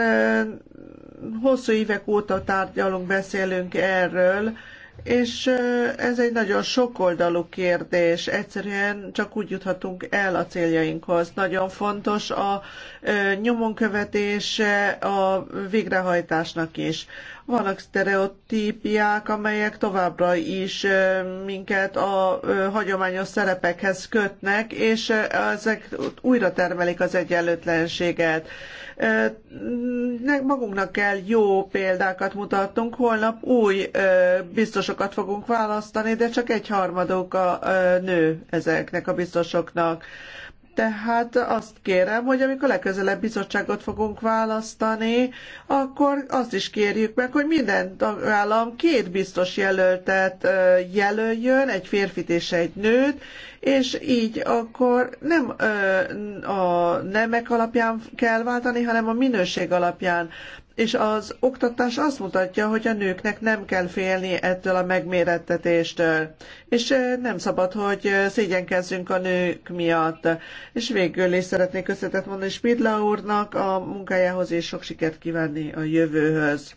hosszú évek óta tárgyalunk, beszélünk erről, és ez egy nagyon sokoldalú kérdés. Egyszerűen csak úgy juthatunk el a céljainkhoz. Nagyon fontos a nyomonkövetése a végrehajtásnak is. Vannak sztereotípiák, amelyek továbbra is minket a hagyományos szerepekhez kötnek, és ezek újra termelik az egyenlőtlenséget. Magunknak kell jó példákat mutatnunk, holnap új biztosokat fogunk választani, de csak egy harmaduk a nő ezeknek a biztosoknak. Tehát azt kérem, hogy amikor legközelebb bizottságot fogunk választani, akkor azt is kérjük meg, hogy minden tagállam két biztos jelöltet jelöljön, egy férfit és egy nőt, és így akkor nem a nemek alapján kell váltani, hanem a minőség alapján és az oktatás azt mutatja, hogy a nőknek nem kell félni ettől a megmérettetéstől, és nem szabad, hogy szégyenkezzünk a nők miatt. És végül is szeretnék köszönetet mondani Spidla úrnak a munkájához, és sok sikert kívánni a jövőhöz.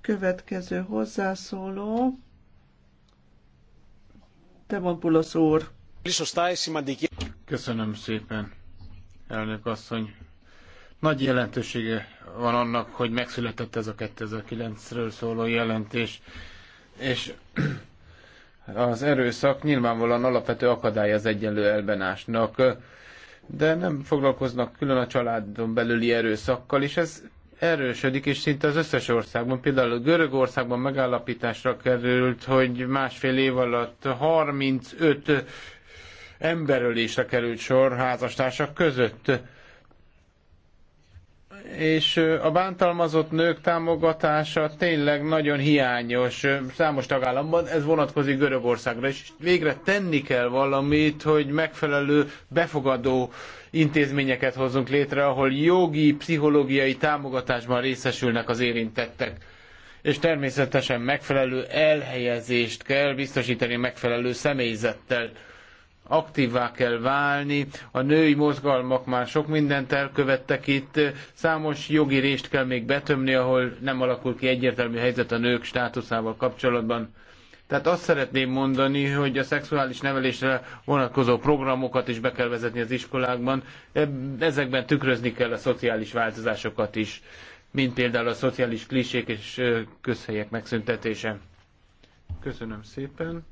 Következő hozzászóló. Demonpulos úr. Köszönöm szépen, elnök asszony. Nagy jelentősége van annak, hogy megszületett ez a 2009-ről szóló jelentés, és az erőszak nyilvánvalóan alapvető akadály az egyenlő elbenásnak, de nem foglalkoznak külön a családon belüli erőszakkal, és ez erősödik, és szinte az összes országban, például Görögországban megállapításra került, hogy másfél év alatt 35 emberölésre került sor házastársak között és a bántalmazott nők támogatása tényleg nagyon hiányos számos tagállamban, ez vonatkozik Görögországra, és végre tenni kell valamit, hogy megfelelő befogadó intézményeket hozzunk létre, ahol jogi, pszichológiai támogatásban részesülnek az érintettek. És természetesen megfelelő elhelyezést kell biztosítani megfelelő személyzettel aktívvá kell válni, a női mozgalmak már sok mindent elkövettek itt, számos jogi rést kell még betömni, ahol nem alakul ki egyértelmű helyzet a nők státuszával kapcsolatban. Tehát azt szeretném mondani, hogy a szexuális nevelésre vonatkozó programokat is be kell vezetni az iskolákban. Ezekben tükrözni kell a szociális változásokat is, mint például a szociális klisék és közhelyek megszüntetése. Köszönöm szépen.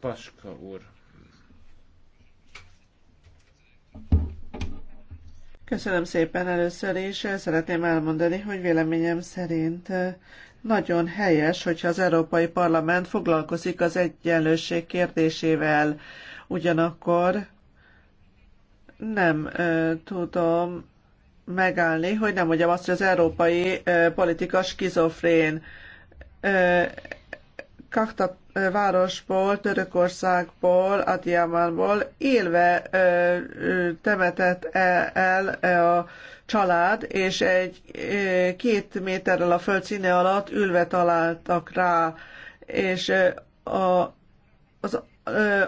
Paska úr. Köszönöm szépen először is. Szeretném elmondani, hogy véleményem szerint eh, nagyon helyes, hogyha az Európai Parlament foglalkozik az egyenlőség kérdésével. Ugyanakkor nem ö, eh, tudom megállni, hogy nem mondjam azt, hogy az európai ö, eh, politika skizofrén. Ö, Kakta városból, Törökországból, Atiamánból élve temetett e, el e, a család, és egy két méterrel a föld színe alatt ülve találtak rá, és a, az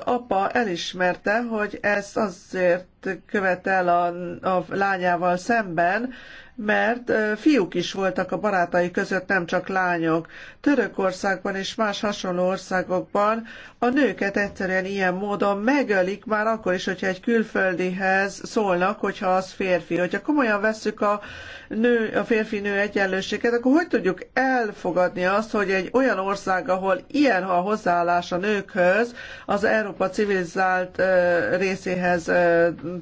apa elismerte, hogy ez azért követel a, a lányával szemben, mert fiúk is voltak a barátai között, nem csak lányok. Törökországban és más hasonló országokban a nőket egyszerűen ilyen módon megölik, már akkor is, hogyha egy külföldihez szólnak, hogyha az férfi. Hogyha komolyan vesszük a, nő, a férfi-nő egyenlőséget, akkor hogy tudjuk elfogadni azt, hogy egy olyan ország, ahol ilyen a hozzáállás a nőkhöz, az Európa civilizált részéhez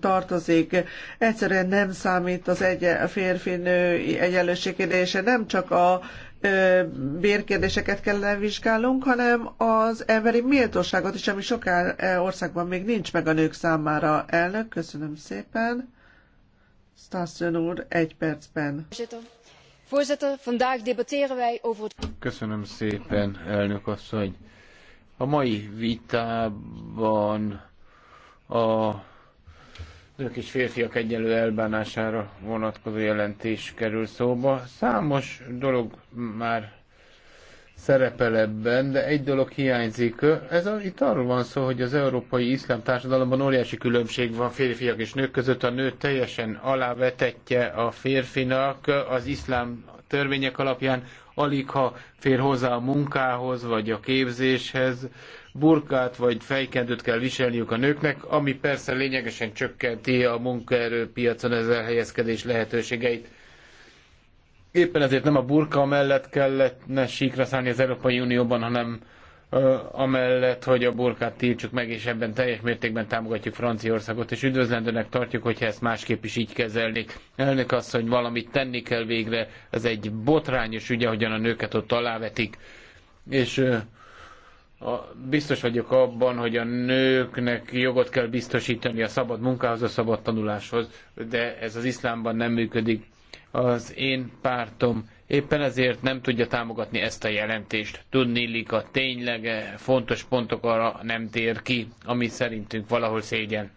tartozik. Egyszerűen nem számít az egy férfi férfinő egyenlőség kérdése nem csak a bérkérdéseket kellene vizsgálunk, hanem az emberi méltóságot is, ami sok e, országban még nincs meg a nők számára. Elnök, köszönöm szépen. Stassen úr, egy percben. Köszönöm szépen, elnök asszony. A mai vitában a nők és férfiak egyenlő elbánására vonatkozó jelentés kerül szóba. Számos dolog már szerepel ebben, de egy dolog hiányzik. Ez a, itt arról van szó, hogy az európai iszlám társadalomban óriási különbség van férfiak és nők között. A nő teljesen alávetetje a férfinak az iszlám törvények alapján, alig ha fér hozzá a munkához, vagy a képzéshez, burkát vagy fejkendőt kell viselniük a nőknek, ami persze lényegesen csökkenti a munkaerőpiacon az elhelyezkedés lehetőségeit. Éppen ezért nem a burka mellett kellene síkra szállni az Európai Unióban, hanem amellett, hogy a burkát tiltsuk meg, és ebben teljes mértékben támogatjuk Franciaországot, és üdvözlendőnek tartjuk, hogyha ezt másképp is így kezelnék. Elnök azt, hogy valamit tenni kell végre, ez egy botrányos ügy, ahogyan a nőket ott alávetik, és a, biztos vagyok abban, hogy a nőknek jogot kell biztosítani a szabad munkához, a szabad tanuláshoz, de ez az iszlámban nem működik. Az én pártom éppen ezért nem tudja támogatni ezt a jelentést. Tudnélik a tényleg fontos pontok arra nem tér ki, ami szerintünk valahol szégyen.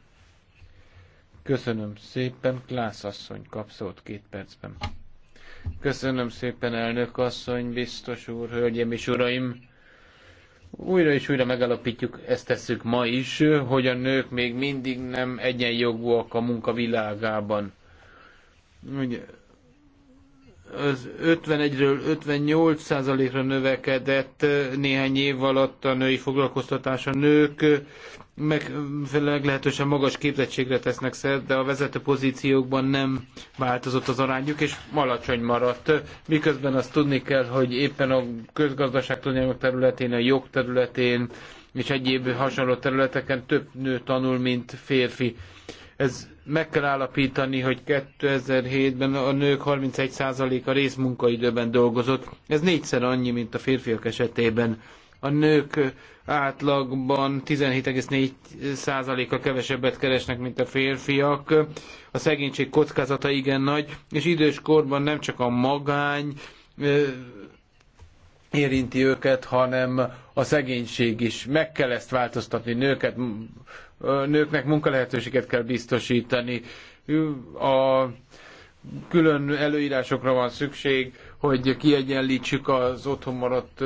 Köszönöm szépen, Klász asszony kap szót két percben. Köszönöm szépen, elnök asszony, biztos úr, hölgyem és uraim! újra és újra megalapítjuk, ezt tesszük ma is, hogy a nők még mindig nem egyenjogúak a munkavilágában. Ugye, az 51-ről 58%-ra növekedett eh, néhány év alatt a női foglalkoztatás a nők eh, meg, meglehetősen magas képzettségre tesznek szert, de a vezető pozíciókban nem változott az arányuk, és alacsony maradt. Miközben azt tudni kell, hogy éppen a közgazdaságtudományok területén, a jog területén és egyéb hasonló területeken több nő tanul, mint férfi. Ez meg kell állapítani, hogy 2007-ben a nők 31%-a részmunkaidőben dolgozott. Ez négyszer annyi, mint a férfiak esetében a nők átlagban 17,4%-a kevesebbet keresnek, mint a férfiak. A szegénység kockázata igen nagy, és időskorban nem csak a magány érinti őket, hanem a szegénység is. Meg kell ezt változtatni nőket, nőknek munkalehetőséget kell biztosítani. A külön előírásokra van szükség, hogy kiegyenlítsük az otthon maradt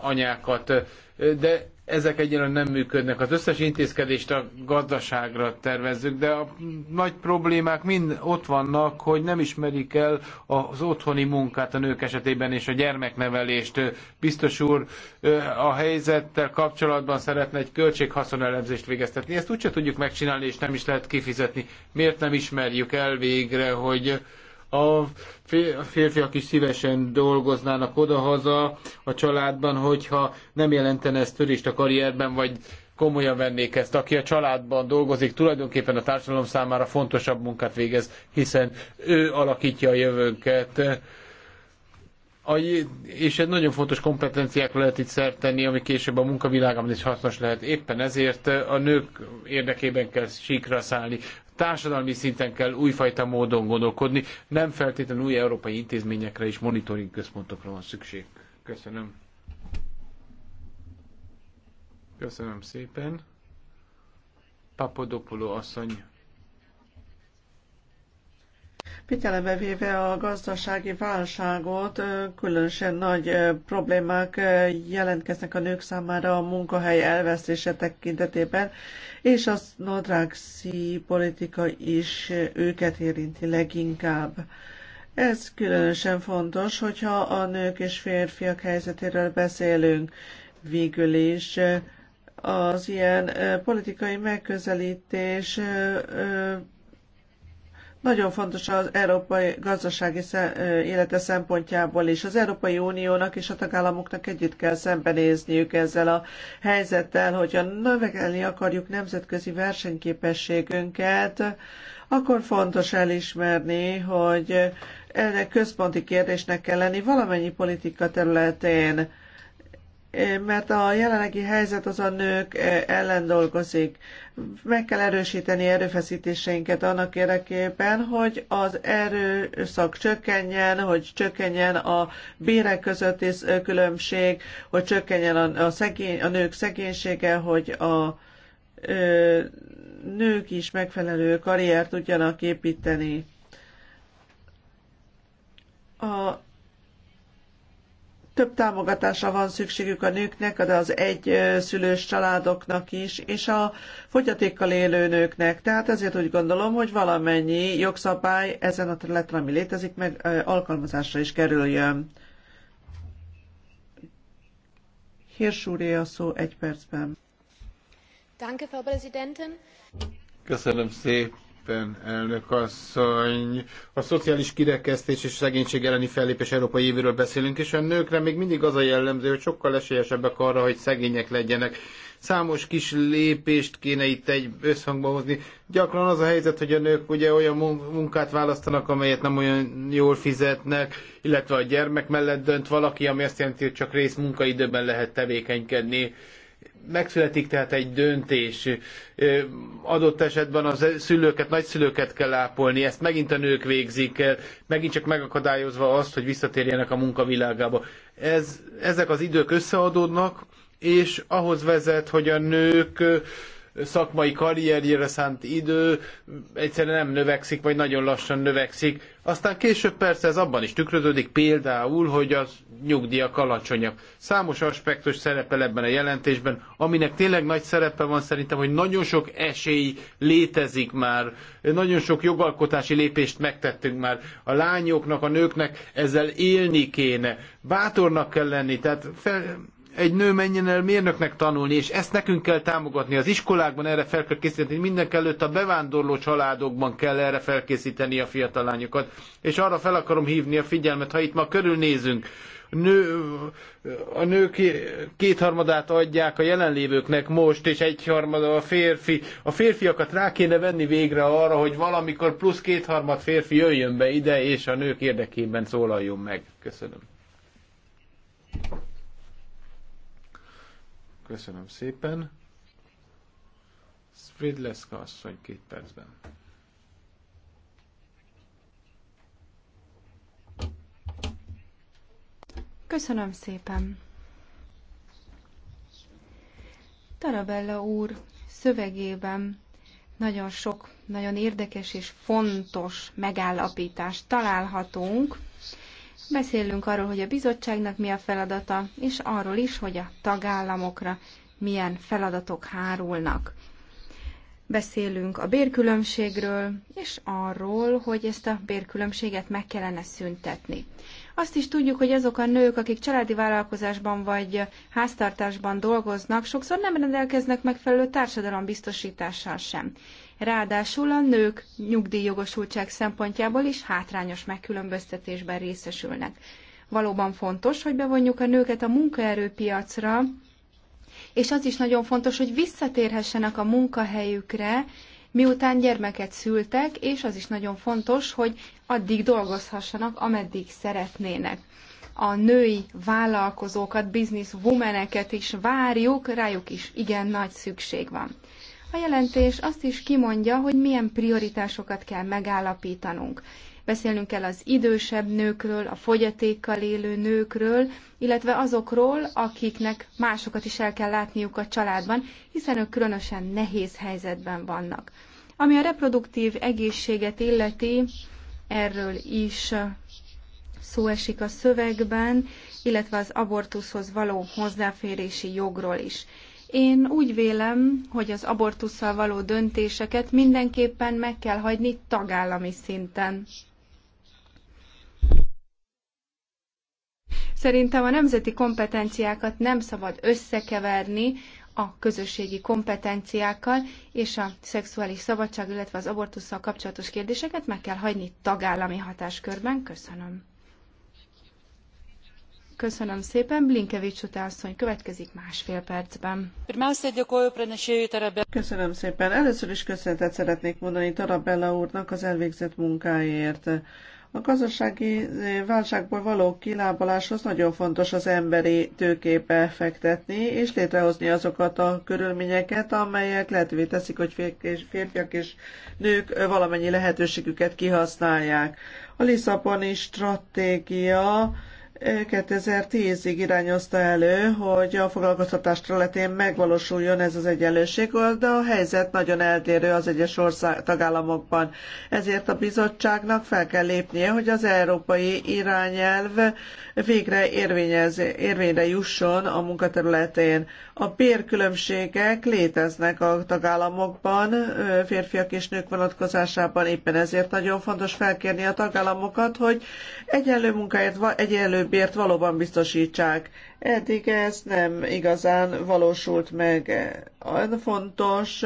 anyákat, de ezek egyenlően nem működnek. Az összes intézkedést a gazdaságra tervezzük, de a nagy problémák mind ott vannak, hogy nem ismerik el az otthoni munkát a nők esetében és a gyermeknevelést. Biztos úr a helyzettel kapcsolatban szeretne egy költséghaszon elemzést végeztetni. Ezt úgyse tudjuk megcsinálni, és nem is lehet kifizetni. Miért nem ismerjük el végre, hogy a férfiak is szívesen dolgoznának odahaza a családban, hogyha nem jelentene ez törést a karrierben, vagy komolyan vennék ezt. Aki a családban dolgozik, tulajdonképpen a társadalom számára fontosabb munkát végez, hiszen ő alakítja a jövőnket. A, és egy nagyon fontos kompetenciák lehet itt szert tenni, ami később a munkavilágában is hasznos lehet. Éppen ezért a nők érdekében kell síkra szállni. Társadalmi szinten kell újfajta módon gondolkodni, nem feltétlenül új európai intézményekre és monitoring központokra van szükség. Köszönöm. Köszönöm szépen. Papadopoulou asszony Figyelembe véve a gazdasági válságot, különösen nagy problémák jelentkeznek a nők számára a munkahely elvesztése tekintetében, és a nadrágszi politika is őket érinti leginkább. Ez különösen fontos, hogyha a nők és férfiak helyzetéről beszélünk. Végül is az ilyen politikai megközelítés nagyon fontos az európai gazdasági élete szempontjából is. Az Európai Uniónak és a tagállamoknak együtt kell szembenézniük ezzel a helyzettel, hogyha növekelni akarjuk nemzetközi versenyképességünket, akkor fontos elismerni, hogy ennek központi kérdésnek kell lenni valamennyi politika területén mert a jelenlegi helyzet az a nők ellen dolgozik. Meg kell erősíteni erőfeszítéseinket annak érdekében, hogy az erőszak csökkenjen, hogy csökkenjen a bérek közötti különbség, hogy csökkenjen a, a, szegény, a nők szegénysége, hogy a ö, nők is megfelelő karriert tudjanak építeni. A több támogatásra van szükségük a nőknek, de az szülős családoknak is, és a fogyatékkal élő nőknek. Tehát ezért úgy gondolom, hogy valamennyi jogszabály ezen a területen, ami létezik, meg alkalmazásra is kerüljön. Hirsúré a szó egy percben. Danke, Frau Präsidentin. Köszönöm szépen szépen, elnök asszony. A szociális kirekesztés és szegénység elleni fellépés európai évéről beszélünk, és a nőkre még mindig az a jellemző, hogy sokkal esélyesebbek arra, hogy szegények legyenek. Számos kis lépést kéne itt egy összhangba hozni. Gyakran az a helyzet, hogy a nők ugye olyan munkát választanak, amelyet nem olyan jól fizetnek, illetve a gyermek mellett dönt valaki, ami azt jelenti, hogy csak rész munkaidőben lehet tevékenykedni megszületik tehát egy döntés, adott esetben az szülőket, nagyszülőket kell ápolni, ezt megint a nők végzik el, megint csak megakadályozva azt, hogy visszatérjenek a munkavilágába. Ez, ezek az idők összeadódnak, és ahhoz vezet, hogy a nők szakmai karrierjére szánt idő egyszerűen nem növekszik, vagy nagyon lassan növekszik. Aztán később persze ez abban is tükröződik, például, hogy az nyugdíjak alacsonyak. Számos aspektus szerepel ebben a jelentésben, aminek tényleg nagy szerepe van szerintem, hogy nagyon sok esély létezik már, nagyon sok jogalkotási lépést megtettünk már. A lányoknak, a nőknek ezzel élni kéne, bátornak kell lenni, tehát fel, egy nő menjen el mérnöknek tanulni, és ezt nekünk kell támogatni. Az iskolákban erre fel kell készíteni, mindenek előtt a bevándorló családokban kell erre felkészíteni a fiatal lányokat. És arra fel akarom hívni a figyelmet, ha itt ma körülnézünk, nő, a nők kétharmadát adják a jelenlévőknek most, és egyharmada a férfi. A férfiakat rá kéne venni végre arra, hogy valamikor plusz kétharmad férfi jöjjön be ide, és a nők érdekében szólaljon meg. Köszönöm. Köszönöm szépen. Svidleszka asszony két percben. Köszönöm szépen. Tarabella úr szövegében nagyon sok, nagyon érdekes és fontos megállapítást találhatunk, Beszélünk arról, hogy a bizottságnak mi a feladata, és arról is, hogy a tagállamokra milyen feladatok hárulnak. Beszélünk a bérkülönbségről, és arról, hogy ezt a bérkülönbséget meg kellene szüntetni. Azt is tudjuk, hogy azok a nők, akik családi vállalkozásban vagy háztartásban dolgoznak, sokszor nem rendelkeznek megfelelő társadalombiztosítással sem. Ráadásul a nők nyugdíjjogosultság szempontjából is hátrányos megkülönböztetésben részesülnek. Valóban fontos, hogy bevonjuk a nőket a munkaerőpiacra, és az is nagyon fontos, hogy visszatérhessenek a munkahelyükre, miután gyermeket szültek, és az is nagyon fontos, hogy addig dolgozhassanak, ameddig szeretnének. A női vállalkozókat, business is várjuk, rájuk is igen nagy szükség van. A jelentés azt is kimondja, hogy milyen prioritásokat kell megállapítanunk. Beszélnünk kell az idősebb nőkről, a fogyatékkal élő nőkről, illetve azokról, akiknek másokat is el kell látniuk a családban, hiszen ők különösen nehéz helyzetben vannak. Ami a reproduktív egészséget illeti, erről is szó esik a szövegben, illetve az abortuszhoz való hozzáférési jogról is. Én úgy vélem, hogy az abortussal való döntéseket mindenképpen meg kell hagyni tagállami szinten. Szerintem a nemzeti kompetenciákat nem szabad összekeverni a közösségi kompetenciákkal, és a szexuális szabadság, illetve az abortussal kapcsolatos kérdéseket meg kell hagyni tagállami hatáskörben. Köszönöm. Köszönöm szépen, Blinkevics utászony következik másfél percben. Köszönöm szépen. Először is köszönetet szeretnék mondani Tarabella úrnak az elvégzett munkáért. A gazdasági eh, válságból való kilábaláshoz nagyon fontos az emberi tőképe fektetni, és létrehozni azokat a körülményeket, amelyek lehetővé teszik, hogy férfiak és nők valamennyi lehetőségüket kihasználják. A Lisszaboni stratégia 2010-ig irányozta elő, hogy a foglalkoztatás területén megvalósuljon ez az egyenlőség, de a helyzet nagyon eltérő az egyes ország tagállamokban. Ezért a bizottságnak fel kell lépnie, hogy az európai irányelv végre érvényre jusson a munkaterületén. A bérkülönbségek léteznek a tagállamokban, férfiak és nők vonatkozásában éppen ezért nagyon fontos felkérni a tagállamokat, hogy egyenlő munkáért, egyenlő bért valóban biztosítsák. Eddig ez nem igazán valósult meg. Fontos,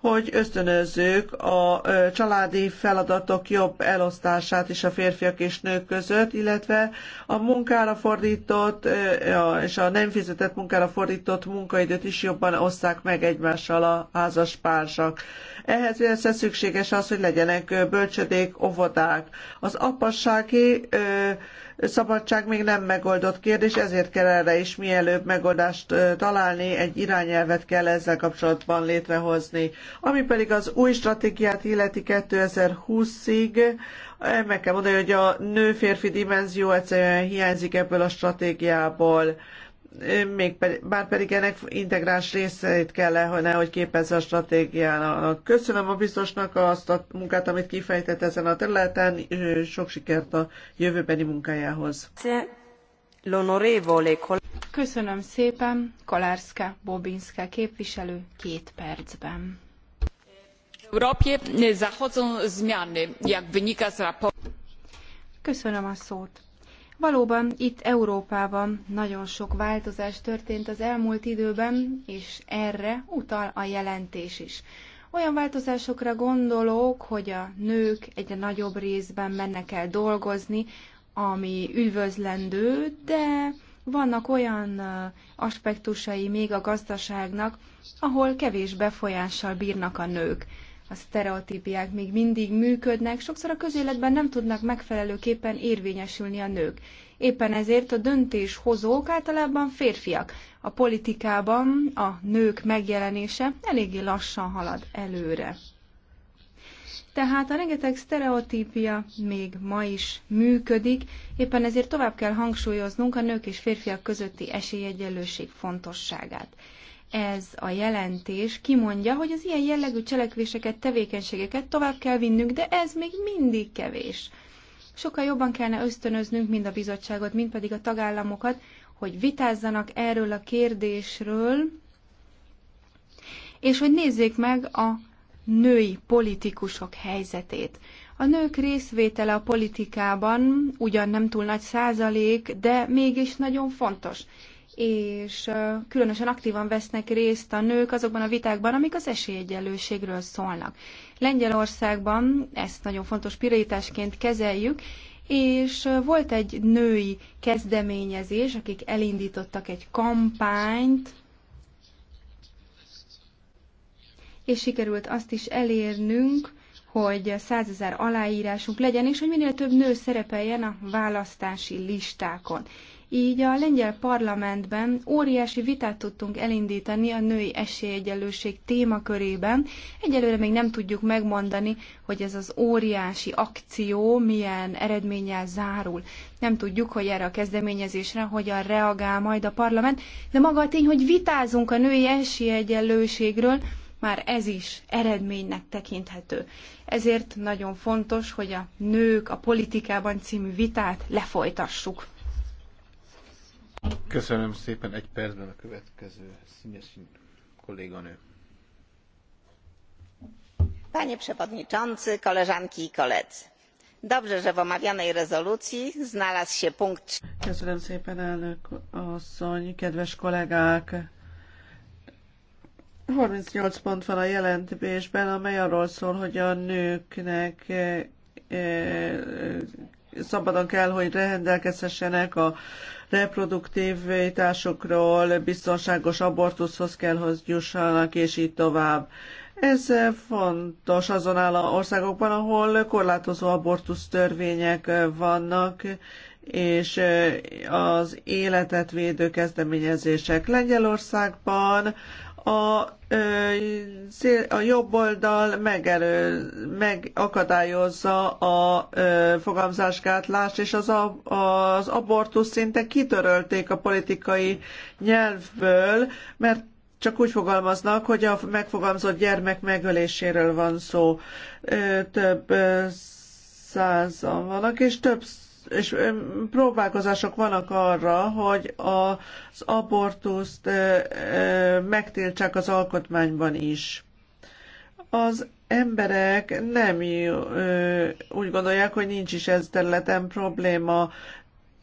hogy ösztönözzük a családi feladatok jobb elosztását is a férfiak és nők között, illetve a munkára fordított és a nem fizetett munkára fordított munkaidőt is jobban osszák meg egymással a házas pársak. Ehhez persze szükséges az, hogy legyenek bölcsödék, óvodák. Az apassági szabadság még nem megoldott kérdés, ezért kell erre is mielőbb megoldást találni, egy irányelvet kell ezzel kapcsolatban létrehozni. Ami pedig az új stratégiát illeti 2020-ig, meg kell mondani, hogy a nő-férfi dimenzió egyszerűen hiányzik ebből a stratégiából még pedig, bár pedig ennek integráns részét kellene, hogy képezze a stratégiának. Köszönöm a biztosnak azt a munkát, amit kifejtett ezen a területen, sok sikert a jövőbeni munkájához. Köszönöm szépen, Kolárszka Bobinska képviselő két percben. zmiany, Köszönöm a szót. Valóban itt Európában nagyon sok változás történt az elmúlt időben, és erre utal a jelentés is. Olyan változásokra gondolok, hogy a nők egyre nagyobb részben mennek el dolgozni, ami üdvözlendő, de vannak olyan aspektusai még a gazdaságnak, ahol kevés befolyással bírnak a nők a sztereotípiák még mindig működnek, sokszor a közéletben nem tudnak megfelelőképpen érvényesülni a nők. Éppen ezért a döntéshozók általában férfiak. A politikában a nők megjelenése eléggé lassan halad előre. Tehát a rengeteg sztereotípia még ma is működik, éppen ezért tovább kell hangsúlyoznunk a nők és férfiak közötti esélyegyenlőség fontosságát ez a jelentés kimondja, hogy az ilyen jellegű cselekvéseket, tevékenységeket tovább kell vinnünk, de ez még mindig kevés. Sokkal jobban kellene ösztönöznünk mind a bizottságot, mind pedig a tagállamokat, hogy vitázzanak erről a kérdésről, és hogy nézzék meg a női politikusok helyzetét. A nők részvétele a politikában ugyan nem túl nagy százalék, de mégis nagyon fontos és különösen aktívan vesznek részt a nők azokban a vitákban, amik az esélyegyenlőségről szólnak. Lengyelországban ezt nagyon fontos pirításként kezeljük, és volt egy női kezdeményezés, akik elindítottak egy kampányt, és sikerült azt is elérnünk, hogy százezer aláírásunk legyen, és hogy minél több nő szerepeljen a választási listákon. Így a lengyel parlamentben óriási vitát tudtunk elindítani a női esélyegyenlőség témakörében. Egyelőre még nem tudjuk megmondani, hogy ez az óriási akció milyen eredménnyel zárul. Nem tudjuk, hogy erre a kezdeményezésre hogyan reagál majd a parlament, de maga a tény, hogy vitázunk a női esélyegyenlőségről, már ez is eredménynek tekinthető. Ezért nagyon fontos, hogy a Nők a politikában című vitát lefolytassuk. Köszönöm szépen. Egy percben a következő színesin kolléganő. Panie przewodniczący, koleżanki i koledzy. Dobrze, że w omawianej rezolucji znalazł się punkt. Köszönöm szépen, elnök asszony, kedves kollégák! 38 pont van a jelentésben, amely arról szól, hogy a nőknek eh, eh, szabadon kell, hogy rendelkezhessenek a reproduktivitásukról, biztonságos abortuszhoz kell, hogy jussanak, és így tovább. Ez fontos azon áll a országokban, ahol korlátozó abortusz törvények vannak, és az életet védő kezdeményezések Lengyelországban a, a jobb oldal megerő, megakadályozza a fogamzásgátlást, és az, a, az abortusz szinte kitörölték a politikai nyelvből, mert csak úgy fogalmaznak, hogy a megfogalmazott gyermek megöléséről van szó. Több százan vannak, és több és próbálkozások vannak arra, hogy az abortuszt megtiltsák az alkotmányban is. Az emberek nem úgy gondolják, hogy nincs is ez területen probléma,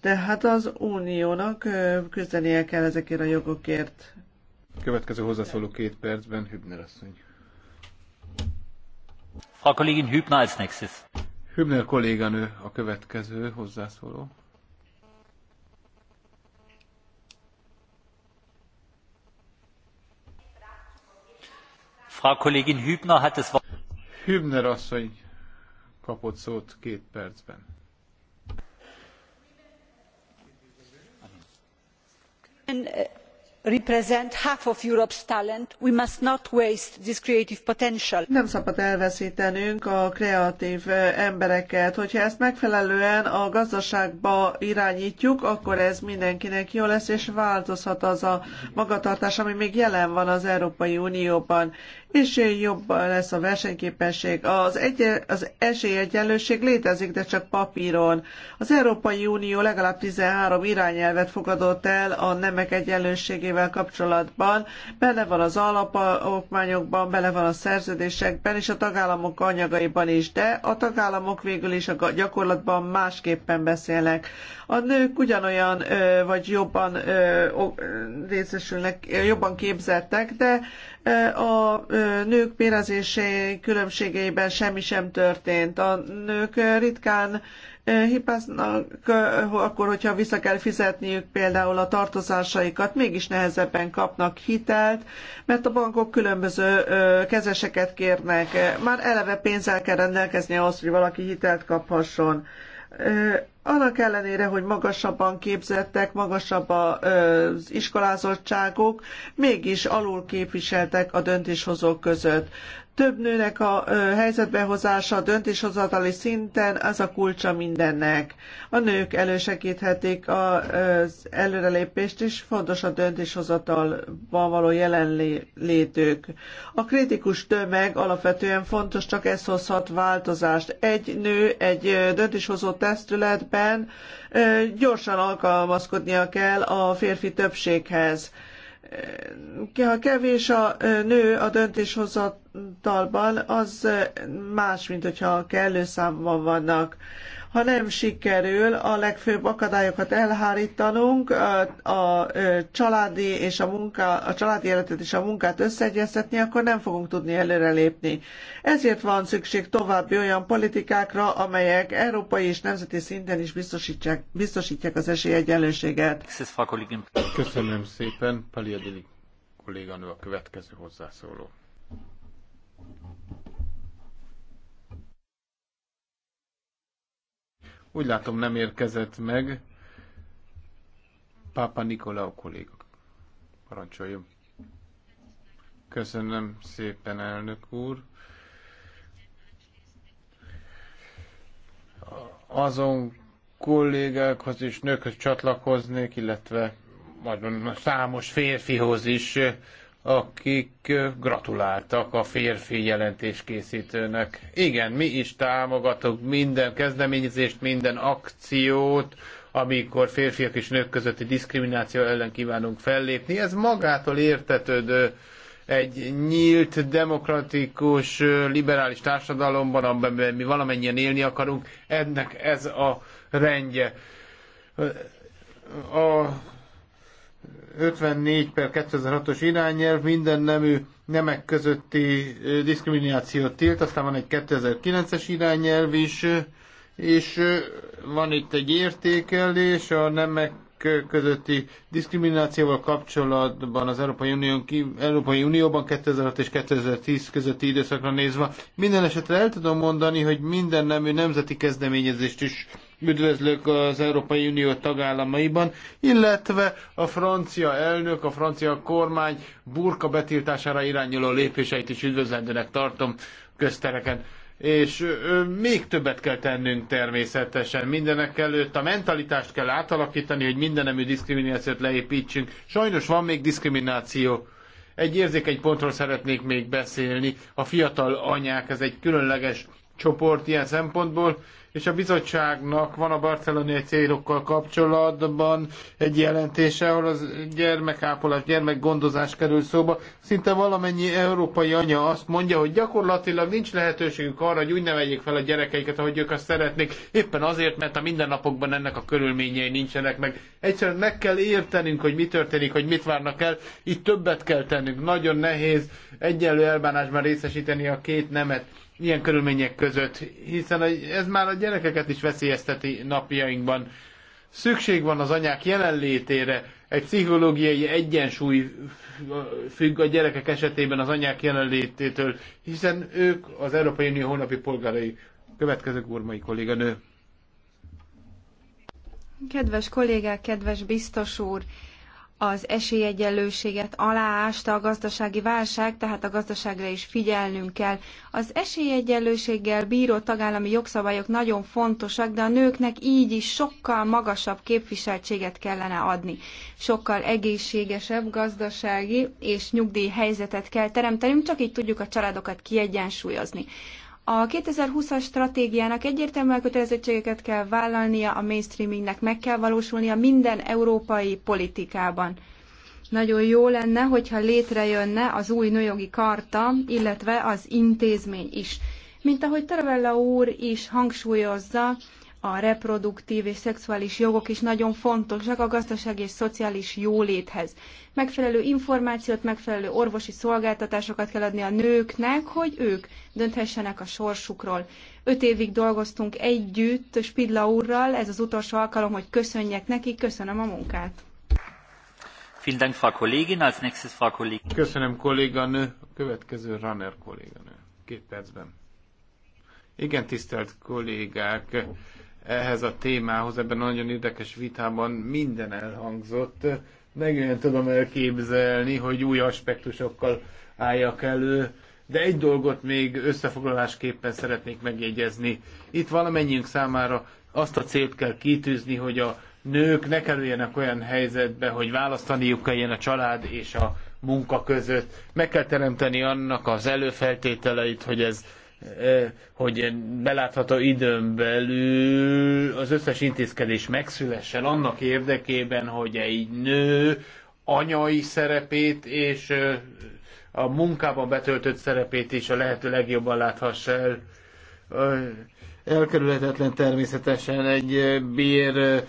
de hát az uniónak küzdenie kell ezekért a jogokért. Következő hozzászóló két percben Hübner asszony. Frau Kollegin Hübner als nächstes. Hübner kolléganő a következő hozzászóló. Frau Kollegin Hübner hat es Hübner asszony kapott szót két percben. And, uh, represent half of europe's talent we must not waste this creative potential. nem szabad elvesztenünk a kreatv eh, embereket hogyha ezt megfelelően a gazdaságba irányítjuk akkor ez mindenkinek jó lesz és változhat az a magatartás ami még jelen van az európai unióban és jobban lesz a versenyképesség. Az, egy, az esélyegyenlőség létezik, de csak papíron. Az Európai Unió legalább 13 irányelvet fogadott el a nemek egyenlőségével kapcsolatban. Bele van az alapokmányokban, bele van a szerződésekben és a tagállamok anyagaiban is, de a tagállamok végül is a gyakorlatban másképpen beszélnek. A nők ugyanolyan vagy jobban részesülnek, jobban képzettek, de a nők bérezései különbségeiben semmi sem történt. A nők ritkán hipáznak, akkor, hogyha vissza kell fizetniük például a tartozásaikat, mégis nehezebben kapnak hitelt, mert a bankok különböző kezeseket kérnek. Már eleve pénzzel kell rendelkezni ahhoz, hogy valaki hitelt kaphasson annak ellenére, hogy magasabban képzettek, magasabb az iskolázottságuk, mégis alul képviseltek a döntéshozók között több nőnek a helyzetbehozása, a döntéshozatali szinten, az a kulcsa mindennek. A nők elősegíthetik az előrelépést is, fontos a döntéshozatalban való jelenlétük. A kritikus tömeg alapvetően fontos, csak ez hozhat változást. Egy nő egy döntéshozó testületben gyorsan alkalmazkodnia kell a férfi többséghez ha kevés a nő a döntéshozatalban, az más, mint hogyha kellő számban vannak. Ha nem sikerül a legfőbb akadályokat elhárítanunk, a családi és a munka, a családi életet és a munkát összeegyeztetni, akkor nem fogunk tudni előrelépni. Ezért van szükség további olyan politikákra, amelyek európai és nemzeti szinten is biztosítják, biztosítják az esélyegyenlőséget. Köszönöm szépen, Paliadili kolléganő a következő hozzászóló. Úgy látom nem érkezett meg. Pápa a kolléga. Parancsoljon. Köszönöm szépen, elnök úr. Azon kollégákhoz és nőkhöz csatlakoznék, illetve nagyon számos férfihoz is, akik gratuláltak a férfi jelentéskészítőnek. Igen, mi is támogatok minden kezdeményezést, minden akciót, amikor férfiak és nők közötti diszkrimináció ellen kívánunk fellépni. Ez magától értetődő egy nyílt, demokratikus, liberális társadalomban, amiben mi valamennyien élni akarunk, ennek ez a rendje. A 54 per 2006-os irányelv minden nemű nemek közötti diszkriminációt tilt, aztán van egy 2009-es irányelv is, és van itt egy értékelés a nemek közötti diszkriminációval kapcsolatban az Európai, Unión, Európai Unióban 2006 és 2010 közötti időszakra nézve. Minden esetre el tudom mondani, hogy minden nemű nemzeti kezdeményezést is üdvözlök az Európai Unió tagállamaiban, illetve a francia elnök, a francia kormány burka betiltására irányuló lépéseit is üdvözlendőnek tartom köztereken és még többet kell tennünk természetesen. Mindenek előtt a mentalitást kell átalakítani, hogy mindenemű diszkriminációt leépítsünk. Sajnos van még diszkrimináció. Egy érzékeny pontról szeretnék még beszélni. A fiatal anyák, ez egy különleges csoport ilyen szempontból, és a bizottságnak van a barcelonai célokkal kapcsolatban egy jelentése, ahol az gyermekápolás, gyermekgondozás kerül szóba. Szinte valamennyi európai anya azt mondja, hogy gyakorlatilag nincs lehetőségük arra, hogy úgy neveljék fel a gyerekeiket, ahogy ők azt szeretnék, éppen azért, mert a mindennapokban ennek a körülményei nincsenek meg. Egyszerűen meg kell értenünk, hogy mi történik, hogy mit várnak el, itt többet kell tennünk. Nagyon nehéz egyenlő elbánásban részesíteni a két nemet ilyen körülmények között, hiszen ez már a gyerekeket is veszélyezteti napjainkban. Szükség van az anyák jelenlétére, egy pszichológiai egyensúly függ a gyerekek esetében az anyák jelenlététől, hiszen ők az Európai Unió hónapi polgárai. Következő gurmai kolléganő. Kedves kollégák, kedves biztos úr! az esélyegyenlőséget aláásta a gazdasági válság, tehát a gazdaságra is figyelnünk kell. Az esélyegyenlőséggel bíró tagállami jogszabályok nagyon fontosak, de a nőknek így is sokkal magasabb képviseltséget kellene adni. Sokkal egészségesebb gazdasági és nyugdíj helyzetet kell teremtenünk, csak így tudjuk a családokat kiegyensúlyozni. A 2020-as stratégiának egyértelműen kötelezettségeket kell vállalnia, a mainstreamingnek meg kell valósulnia minden európai politikában. Nagyon jó lenne, hogyha létrejönne az új nőjogi karta, illetve az intézmény is. Mint ahogy Taravella úr is hangsúlyozza, a reproduktív és szexuális jogok is nagyon fontosak a gazdasági és szociális jóléthez. Megfelelő információt, megfelelő orvosi szolgáltatásokat kell adni a nőknek, hogy ők dönthessenek a sorsukról. Öt évig dolgoztunk együtt Spidla úrral, ez az utolsó alkalom, hogy köszönjek neki, köszönöm a munkát. Köszönöm kolléganő, a következő Runner kolléganő. Két percben. Igen, tisztelt kollégák, ehhez a témához, ebben a nagyon érdekes vitában minden elhangzott. Megint tudom elképzelni, hogy új aspektusokkal álljak elő, de egy dolgot még összefoglalásképpen szeretnék megjegyezni. Itt valamennyiünk számára azt a célt kell kitűzni, hogy a nők ne kerüljenek olyan helyzetbe, hogy választaniuk kelljen a család és a munka között. Meg kell teremteni annak az előfeltételeit, hogy ez hogy belátható időn belül az összes intézkedés megszülessen annak érdekében, hogy egy nő anyai szerepét és a munkában betöltött szerepét is a lehető legjobban láthassa el. Elkerülhetetlen természetesen egy bér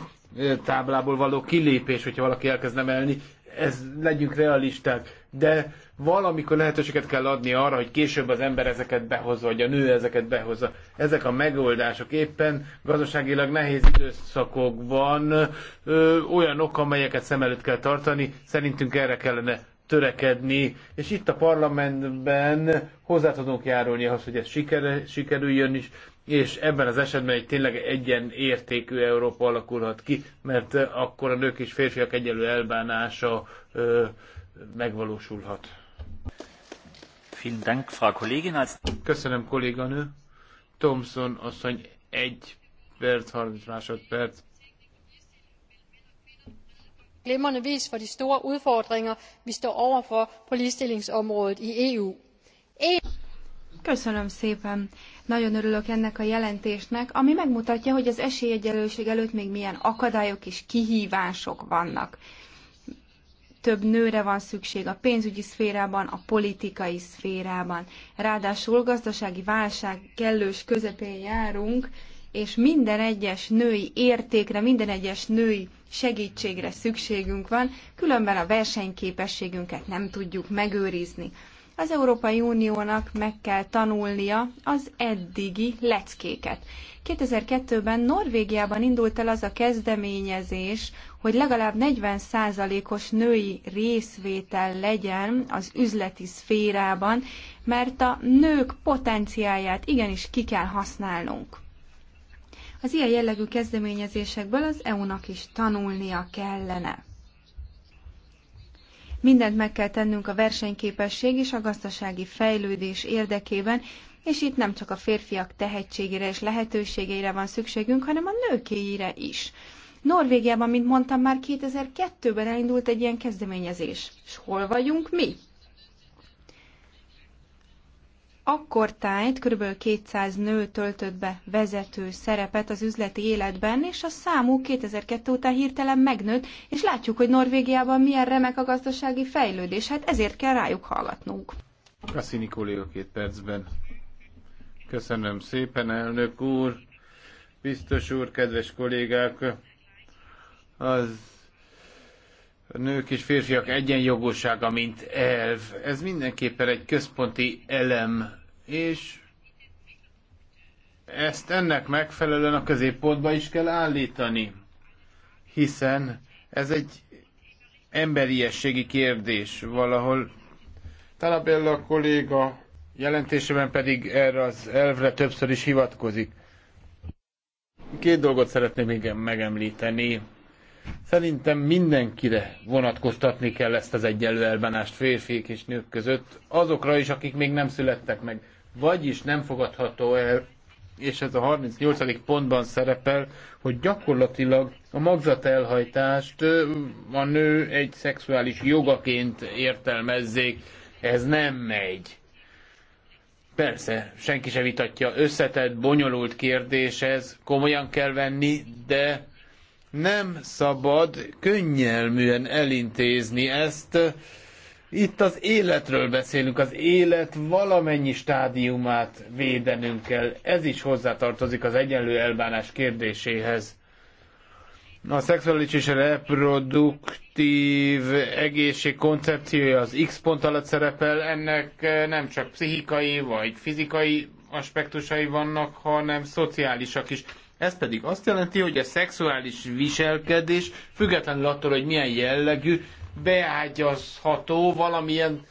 táblából való kilépés, hogyha valaki elkezd elni. ez legyünk realisták, de valamikor lehetőséget kell adni arra, hogy később az ember ezeket behozza, vagy a nő ezeket behozza. Ezek a megoldások éppen gazdaságilag nehéz időszakokban ö, olyanok, amelyeket szem előtt kell tartani. Szerintünk erre kellene törekedni, és itt a parlamentben hozzá tudunk járulni ahhoz, hogy ez siker, sikerüljön is, és ebben az esetben egy tényleg egyen értékű Európa alakulhat ki, mert akkor a nők és férfiak egyenlő elbánása ö, megvalósulhat. Köszönöm, kolléganő. Thomson asszony, egy perc, 30 másodperc. Glimrende vis for de store udfordringer, vi står overfor på ligestillingsområdet i EU. E- Köszönöm szépen. Nagyon örülök ennek a jelentésnek, ami megmutatja, hogy az esélyegyenlőség előtt még milyen akadályok és kihívások vannak több nőre van szükség a pénzügyi szférában, a politikai szférában. Ráadásul gazdasági válság kellős közepén járunk, és minden egyes női értékre, minden egyes női segítségre szükségünk van, különben a versenyképességünket nem tudjuk megőrizni. Az Európai Uniónak meg kell tanulnia az eddigi leckéket. 2002-ben Norvégiában indult el az a kezdeményezés, hogy legalább 40%-os női részvétel legyen az üzleti szférában, mert a nők potenciáját igenis ki kell használnunk. Az ilyen jellegű kezdeményezésekből az EU-nak is tanulnia kellene. Mindent meg kell tennünk a versenyképesség és a gazdasági fejlődés érdekében, és itt nem csak a férfiak tehetségére és lehetőségeire van szükségünk, hanem a nőkéire is. Norvégiában, mint mondtam, már 2002-ben elindult egy ilyen kezdeményezés. És hol vagyunk mi? Akkor tájt kb. 200 nő töltött be vezető szerepet az üzleti életben, és a számuk 2002 után hirtelen megnőtt, és látjuk, hogy Norvégiában milyen remek a gazdasági fejlődés, hát ezért kell rájuk hallgatnunk. Kassini kolléga két percben. Köszönöm szépen, elnök úr, biztos úr, kedves kollégák! az a nők és férfiak egyenjogossága, mint elv. Ez mindenképpen egy központi elem, és ezt ennek megfelelően a középpontba is kell állítani, hiszen ez egy emberiességi kérdés valahol. Talabella kolléga jelentésében pedig erre az elvre többször is hivatkozik. Két dolgot szeretném még megemlíteni Szerintem mindenkire vonatkoztatni kell ezt az egyenlő elbánást férfiak és nők között, azokra is, akik még nem születtek meg. Vagyis nem fogadható el, és ez a 38. pontban szerepel, hogy gyakorlatilag a magzatelhajtást a nő egy szexuális jogaként értelmezzék. Ez nem megy. Persze, senki se vitatja, összetett, bonyolult kérdés ez, komolyan kell venni, de nem szabad könnyelműen elintézni ezt. Itt az életről beszélünk, az élet valamennyi stádiumát védenünk kell. Ez is hozzátartozik az egyenlő elbánás kérdéséhez. A szexuális és reproduktív egészség koncepciója az X pont alatt szerepel, ennek nem csak pszichikai vagy fizikai aspektusai vannak, hanem szociálisak is. Ez pedig azt jelenti, hogy a szexuális viselkedés, függetlenül attól, hogy milyen jellegű, beágyazható valamilyen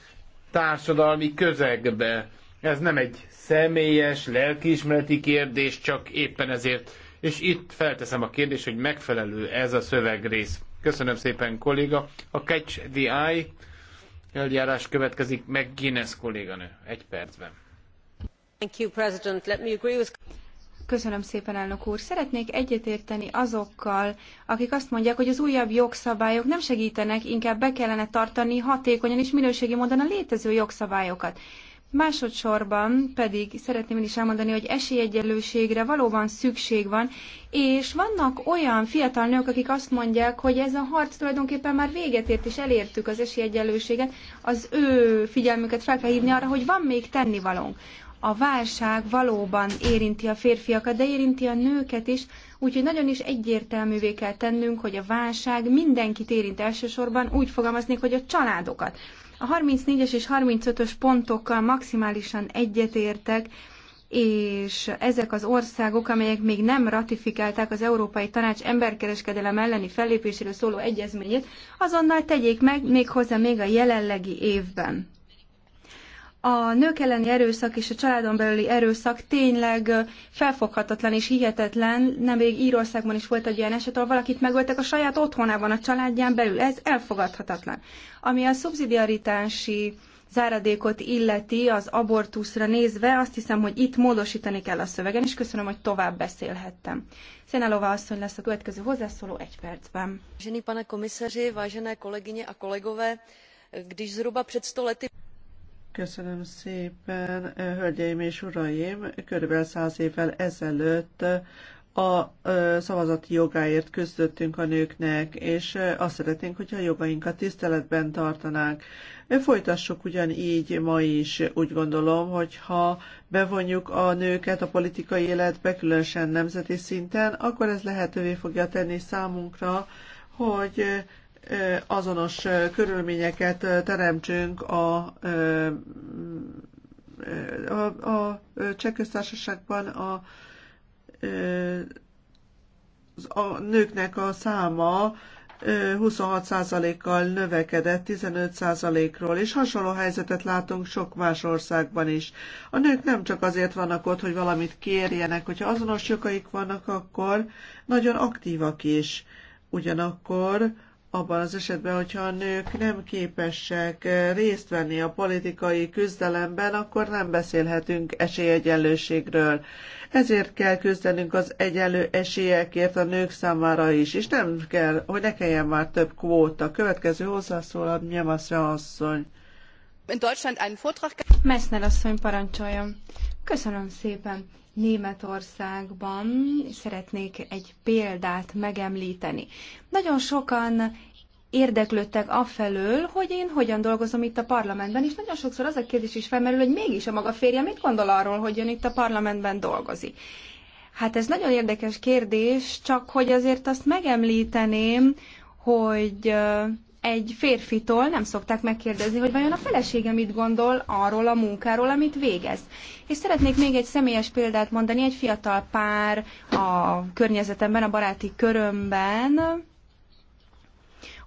társadalmi közegbe. Ez nem egy személyes, lelkiismereti kérdés, csak éppen ezért. És itt felteszem a kérdést, hogy megfelelő ez a szövegrész. Köszönöm szépen, kolléga. A Catch the Eye eljárás következik meg Guinness kolléganő. Egy percben. Thank you, President. Let me agree with... Köszönöm szépen, elnök úr. Szeretnék egyetérteni azokkal, akik azt mondják, hogy az újabb jogszabályok nem segítenek, inkább be kellene tartani hatékonyan és minőségi módon a létező jogszabályokat. Másodszorban pedig szeretném én is elmondani, hogy esélyegyenlőségre valóban szükség van, és vannak olyan fiatal nők, akik azt mondják, hogy ez a harc tulajdonképpen már véget ért, és elértük az esélyegyenlőséget, az ő figyelmüket fel kell hívni arra, hogy van még tennivalónk a válság valóban érinti a férfiakat, de érinti a nőket is, úgyhogy nagyon is egyértelművé kell tennünk, hogy a válság mindenkit érint elsősorban, úgy fogalmaznék, hogy a családokat. A 34-es és 35-ös pontokkal maximálisan egyetértek, és ezek az országok, amelyek még nem ratifikálták az Európai Tanács emberkereskedelem elleni fellépéséről szóló egyezményét, azonnal tegyék meg méghozzá még a jelenlegi évben a nők elleni erőszak és a családon belüli erőszak tényleg felfoghatatlan és hihetetlen. Nemrég Írországban is volt egy ilyen eset, ahol valakit megöltek a saját otthonában, a családján belül. Ez elfogadhatatlan. Ami a szubszidiaritási záradékot illeti az abortuszra nézve, azt hiszem, hogy itt módosítani kell a szövegen, és köszönöm, hogy tovább beszélhettem. Szénálova asszony lesz a következő hozzászóló egy percben. Vážený pane komisaři, vážené kolegyne a kolegové, když zhruba před sto lety... Köszönöm szépen, hölgyeim és uraim! Körülbelül száz évvel ezelőtt a szavazati jogáért küzdöttünk a nőknek, és azt szeretnénk, hogyha a jogainkat tiszteletben tartanánk. Folytassuk ugyanígy ma is, úgy gondolom, hogyha bevonjuk a nőket a politikai életbe, különösen nemzeti szinten, akkor ez lehetővé fogja tenni számunkra, hogy azonos körülményeket teremtsünk a, a, a Csehköztársaságban a, a nőknek a száma 26%-kal növekedett 15%-ról, és hasonló helyzetet látunk sok más országban is. A nők nem csak azért vannak ott, hogy valamit kérjenek, hogyha azonos jogaik vannak, akkor nagyon aktívak is. Ugyanakkor abban az esetben, hogyha a nők nem képesek eh, részt venni a politikai küzdelemben, akkor nem beszélhetünk esélyegyenlőségről. Ezért kell küzdenünk az egyenlő esélyekért a nők számára is, és nem kell, hogy ne kelljen már több kvóta. Következő hozzászól a Nyemaszra asszony. In Deutschland einen Vortrag... Messner asszony parancsoljon. Köszönöm szépen. Németországban, szeretnék egy példát megemlíteni. Nagyon sokan érdeklődtek afelől, hogy én hogyan dolgozom itt a parlamentben, és nagyon sokszor az a kérdés is felmerül, hogy mégis a maga férje mit gondol arról, hogy ön itt a parlamentben dolgozik. Hát ez nagyon érdekes kérdés, csak hogy azért azt megemlíteném, hogy egy férfitól nem szokták megkérdezni, hogy vajon a felesége mit gondol arról a munkáról, amit végez. És szeretnék még egy személyes példát mondani, egy fiatal pár a környezetemben, a baráti körömben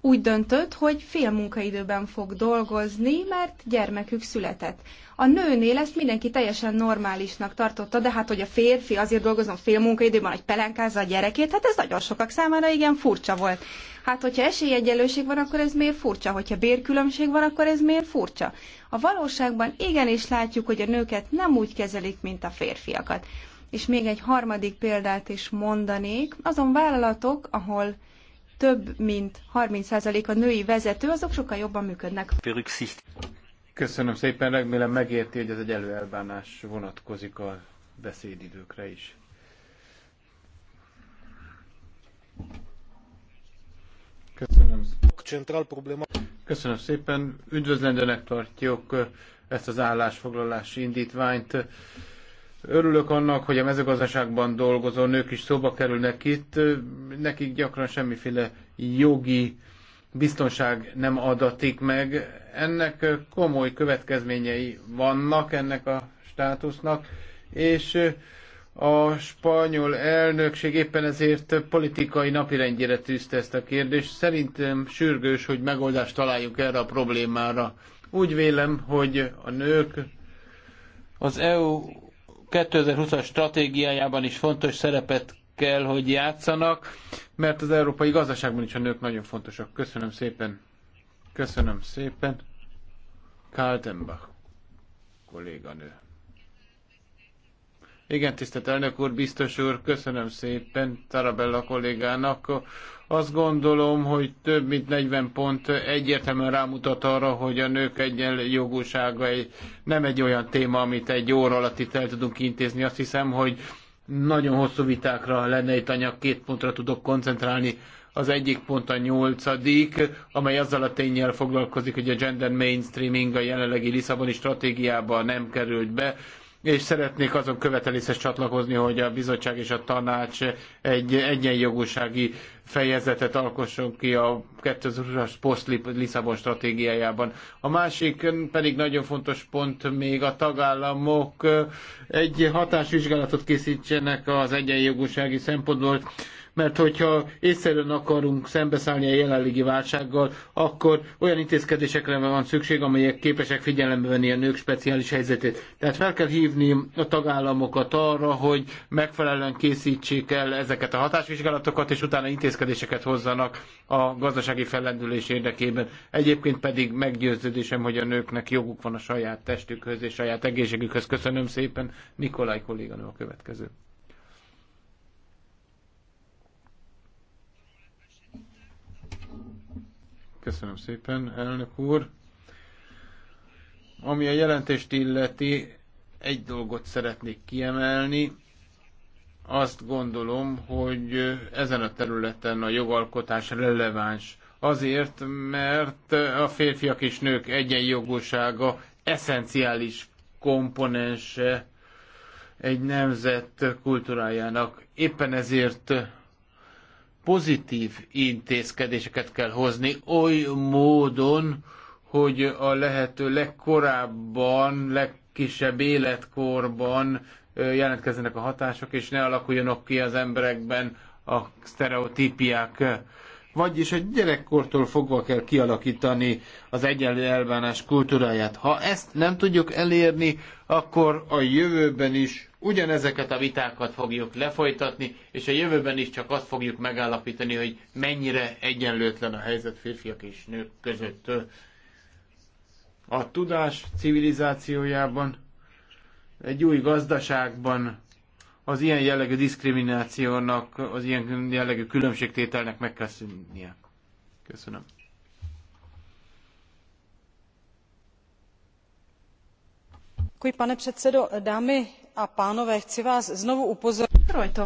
úgy döntött, hogy fél munkaidőben fog dolgozni, mert gyermekük született. A nőnél ezt mindenki teljesen normálisnak tartotta, de hát, hogy a férfi azért dolgozom fél munkaidőben, hogy pelenkázza a gyerekét, hát ez nagyon sokak számára igen furcsa volt. Hát, hogyha esélyegyenlőség van, akkor ez miért furcsa? Hogyha bérkülönbség van, akkor ez miért furcsa? A valóságban igenis látjuk, hogy a nőket nem úgy kezelik, mint a férfiakat. És még egy harmadik példát is mondanék. Azon vállalatok, ahol több mint 30% a női vezető, azok sokkal jobban működnek. Köszönöm szépen, remélem megérti, hogy ez egy előelbánás vonatkozik a beszédidőkre is. Köszönöm. Köszönöm szépen. Üdvözlendőnek tartjuk ezt az állásfoglalási indítványt. Örülök annak, hogy a mezőgazdaságban dolgozó nők is szóba kerülnek itt, nekik gyakran semmiféle jogi biztonság nem adatik meg. Ennek komoly következményei vannak ennek a státusznak, és a spanyol elnökség éppen ezért politikai napirendjére tűzte ezt a kérdést. Szerintem sürgős, hogy megoldást találjunk erre a problémára. Úgy vélem, hogy a nők az EU 2020-as stratégiájában is fontos szerepet kell, hogy játszanak, mert az európai gazdaságban is a nők nagyon fontosak. Köszönöm szépen. Köszönöm szépen. Kaltenbach kolléganő. Igen, tisztelt elnök úr, biztos úr, köszönöm szépen Tarabella kollégának. Azt gondolom, hogy több mint 40 pont egyértelműen rámutat arra, hogy a nők egyenjogúsága egy, nem egy olyan téma, amit egy óra alatt itt el tudunk intézni. Azt hiszem, hogy nagyon hosszú vitákra lenne itt anyag, két pontra tudok koncentrálni. Az egyik pont a nyolcadik, amely azzal a tényel foglalkozik, hogy a gender mainstreaming a jelenlegi Lisszaboni stratégiában nem került be és szeretnék azon követeléshez csatlakozni, hogy a bizottság és a tanács egy egyenjogúsági fejezetet alkosson ki a 2020-as post-Lisszabon stratégiájában. A másik pedig nagyon fontos pont még a tagállamok eh, egy hatásvizsgálatot készítsenek az egyenjogúsági szempontból mert hogyha észszerűen akarunk szembeszállni a jelenlegi válsággal, akkor olyan intézkedésekre van szükség, amelyek képesek figyelembe venni a nők speciális helyzetét. Tehát fel kell hívni a tagállamokat arra, hogy megfelelően készítsék el ezeket a hatásvizsgálatokat, és utána intézkedéseket hozzanak a gazdasági fellendülés érdekében. Egyébként pedig meggyőződésem, hogy a nőknek joguk van a saját testükhöz és saját egészségükhöz. Köszönöm szépen. Nikolaj kolléganő a következő. Köszönöm szépen, elnök úr. Ami a jelentést illeti, egy dolgot szeretnék kiemelni. Azt gondolom, hogy ezen a területen a jogalkotás releváns. Azért, mert a férfiak és nők egyenjogúsága eszenciális komponense egy nemzet kultúrájának. Éppen ezért pozitív intézkedéseket kell hozni oly módon, hogy a lehető legkorábban, legkisebb életkorban jelentkezzenek a hatások, és ne alakuljanak ki az emberekben a sztereotípiák. Vagyis, hogy gyerekkortól fogva kell kialakítani az egyenlő elbánás kultúráját. Ha ezt nem tudjuk elérni, akkor a jövőben is ugyanezeket a vitákat fogjuk lefolytatni, és a jövőben is csak azt fogjuk megállapítani, hogy mennyire egyenlőtlen a helyzet férfiak és nők között. A tudás civilizációjában, egy új gazdaságban az ilyen jellegű diszkriminációnak, az ilyen jellegű különbségtételnek meg kell szűnnie. Köszönöm. pane předsedo dámy a pánové chci vás znovu upozornit.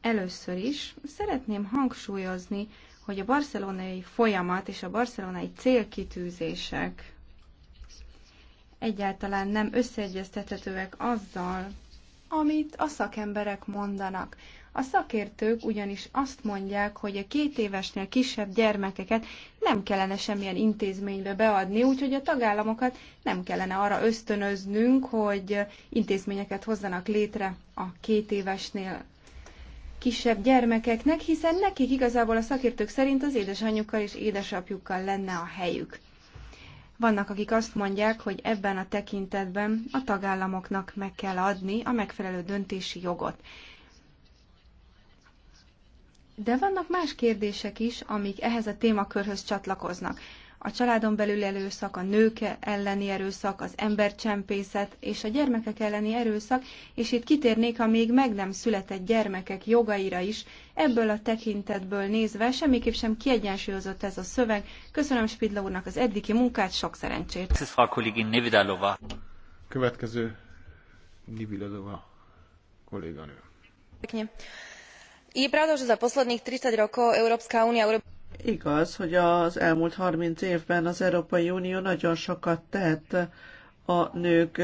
először is szeretném hangsúlyozni hogy a barcelonai folyamat és a barcelonai célkitűzések egyáltalán nem összeegyeztethetőek azzal, amit a szakemberek mondanak. A szakértők ugyanis azt mondják, hogy a két évesnél kisebb gyermekeket nem kellene semmilyen intézménybe beadni, úgyhogy a tagállamokat nem kellene arra ösztönöznünk, hogy intézményeket hozzanak létre a két évesnél kisebb gyermekeknek, hiszen nekik igazából a szakértők szerint az édesanyjukkal és édesapjukkal lenne a helyük. Vannak, akik azt mondják, hogy ebben a tekintetben a tagállamoknak meg kell adni a megfelelő döntési jogot. De vannak más kérdések is, amik ehhez a témakörhöz csatlakoznak a családon belül erőszak, a nők elleni erőszak, az embercsempészet és a gyermekek elleni erőszak, és itt kitérnék a még meg nem született gyermekek jogaira is. Ebből a tekintetből nézve semmiképp sem kiegyensúlyozott ez a szöveg. Köszönöm Spidla úrnak az eddigi munkát, sok szerencsét! Következő Nividalova, kolléganő. Je pravda, že za posledných 30 rokov Európska únia urobila Igaz, hogy az elmúlt 30 évben az Európai Unió nagyon sokat tett a nők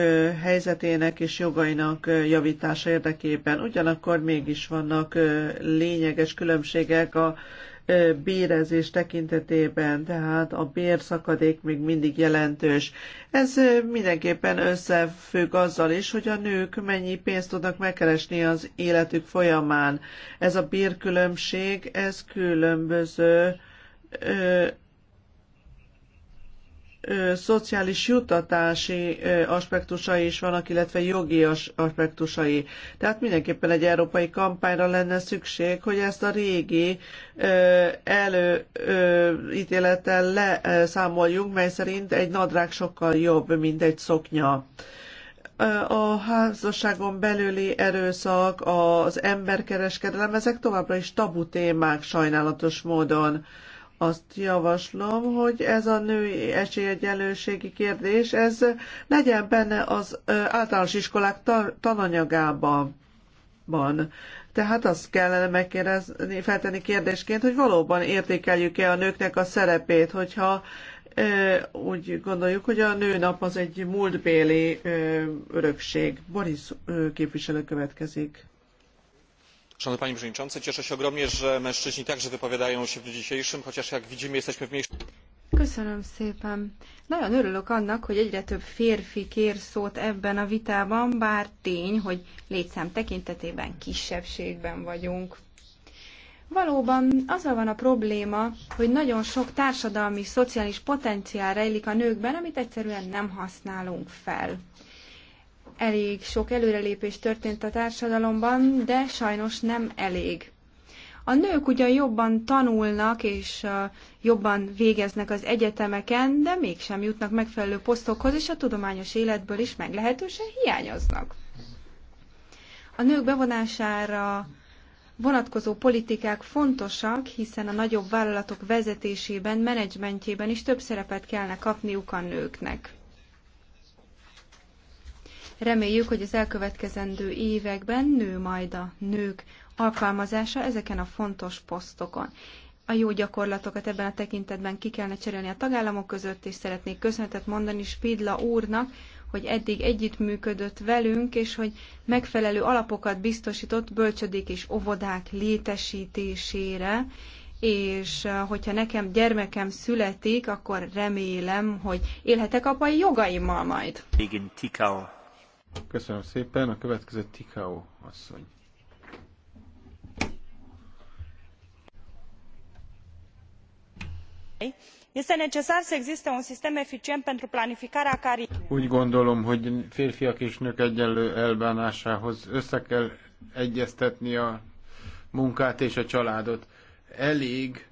helyzetének és jogainak javítása érdekében. Ugyanakkor mégis vannak lényeges különbségek a bérezés tekintetében, tehát a bérszakadék még mindig jelentős. Ez mindenképpen összefügg azzal is, hogy a nők mennyi pénzt tudnak megkeresni az életük folyamán. Ez a bérkülönbség, ez különböző ö, ö, szociális juttatási ö, aspektusai is vannak, illetve jogi aspektusai. Tehát mindenképpen egy európai kampányra lenne szükség, hogy ezt a régi előítélettel leszámoljunk, mely szerint egy nadrág sokkal jobb, mint egy szoknya a házasságon belüli erőszak, az emberkereskedelem, ezek továbbra is tabu témák sajnálatos módon azt javaslom, hogy ez a női esélyegyenlőségi kérdés, ez legyen benne az általános iskolák tananyagában. Tehát azt kellene megkérdezni, feltenni kérdésként, hogy valóban értékeljük-e a nőknek a szerepét, hogyha úgy gondoljuk, hogy a nőnap az egy múltbéli örökség. Boris képviselő következik panie przewodniczący! cieszę się ogromnie że mężczyźni także wypowiadają się w dniu dzisiejszym chociaż jak widzimy jesteśmy w mniejszości. Köszönöm szépen. hogy egyre több férfi kér szót ebben a vitában, bár tény, hogy létszám tekintetében kisebbségben vagyunk. Valóban azzal van a probléma, hogy nagyon sok társadalmi, szociális potenciál rejlik a nőkben, amit egyszerűen nem használunk fel. Elég sok előrelépés történt a társadalomban, de sajnos nem elég. A nők ugyan jobban tanulnak és jobban végeznek az egyetemeken, de mégsem jutnak megfelelő posztokhoz, és a tudományos életből is meglehetősen hiányoznak. A nők bevonására vonatkozó politikák fontosak, hiszen a nagyobb vállalatok vezetésében, menedzsmentjében is több szerepet kellene kapniuk a nőknek. Reméljük, hogy az elkövetkezendő években nő majd a nők alkalmazása ezeken a fontos posztokon. A jó gyakorlatokat ebben a tekintetben ki kellene cserélni a tagállamok között, és szeretnék köszönetet mondani Spidla úrnak, hogy eddig együttműködött velünk, és hogy megfelelő alapokat biztosított bölcsödék és óvodák létesítésére, és eh, hogyha nekem gyermekem születik, akkor remélem, hogy élhetek apai jogaimmal majd. Igen, tikao. Köszönöm szépen. A következő Tikao asszony. Este necesar să existe un sistem eficient pentru planificarea carierei. Úgy gondolom, hogy férfiak és nők egyenlő elbánásához össze kell egyeztetni a munkát és a családot. Elég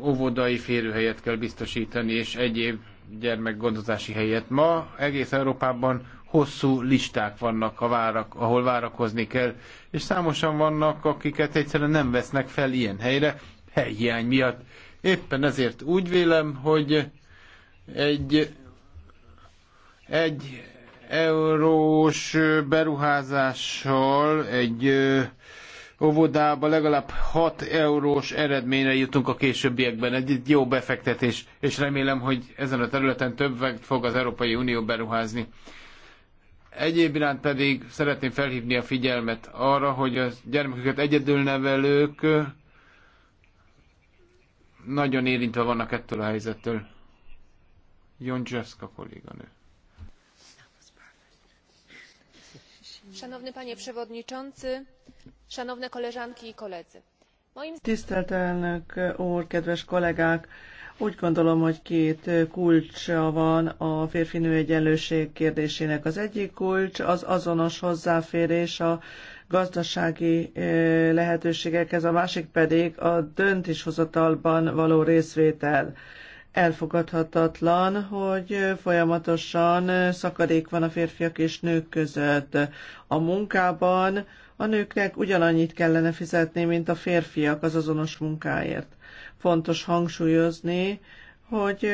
óvodai férőhelyet kell biztosítani, és egyéb gyermekgondozási helyet. Ma egész Európában hosszú listák vannak, a várak, ahol várakozni kell, és számosan vannak, akiket egyszerűen nem vesznek fel ilyen helyre, helyhiány miatt. Éppen ezért úgy vélem, hogy egy, egy eurós beruházással egy óvodába legalább 6 eurós eredményre jutunk a későbbiekben. Egy, egy jó befektetés, és remélem, hogy ezen a területen többet fog az Európai Unió beruházni. Egyéb iránt pedig szeretném felhívni a figyelmet arra, hogy a egyedül egyedülnevelők nagyon érintve vannak ettől a helyzettől. Jonczewska kolléganő. Szanowny panie przewodniczący, szanowne koleżanki i koledzy. Tisztelt elnök úr, kedves kollégák! Úgy gondolom, hogy két kulcsa van a férfinő egyenlőség kérdésének. Az egyik kulcs az azonos hozzáférés a gazdasági eh, lehetőségekhez, a másik pedig a döntéshozatalban való részvétel. Elfogadhatatlan, hogy folyamatosan szakadék van a férfiak és nők között. A munkában a nőknek ugyanannyit kellene fizetni, mint a férfiak az azonos munkáért fontos hangsúlyozni, hogy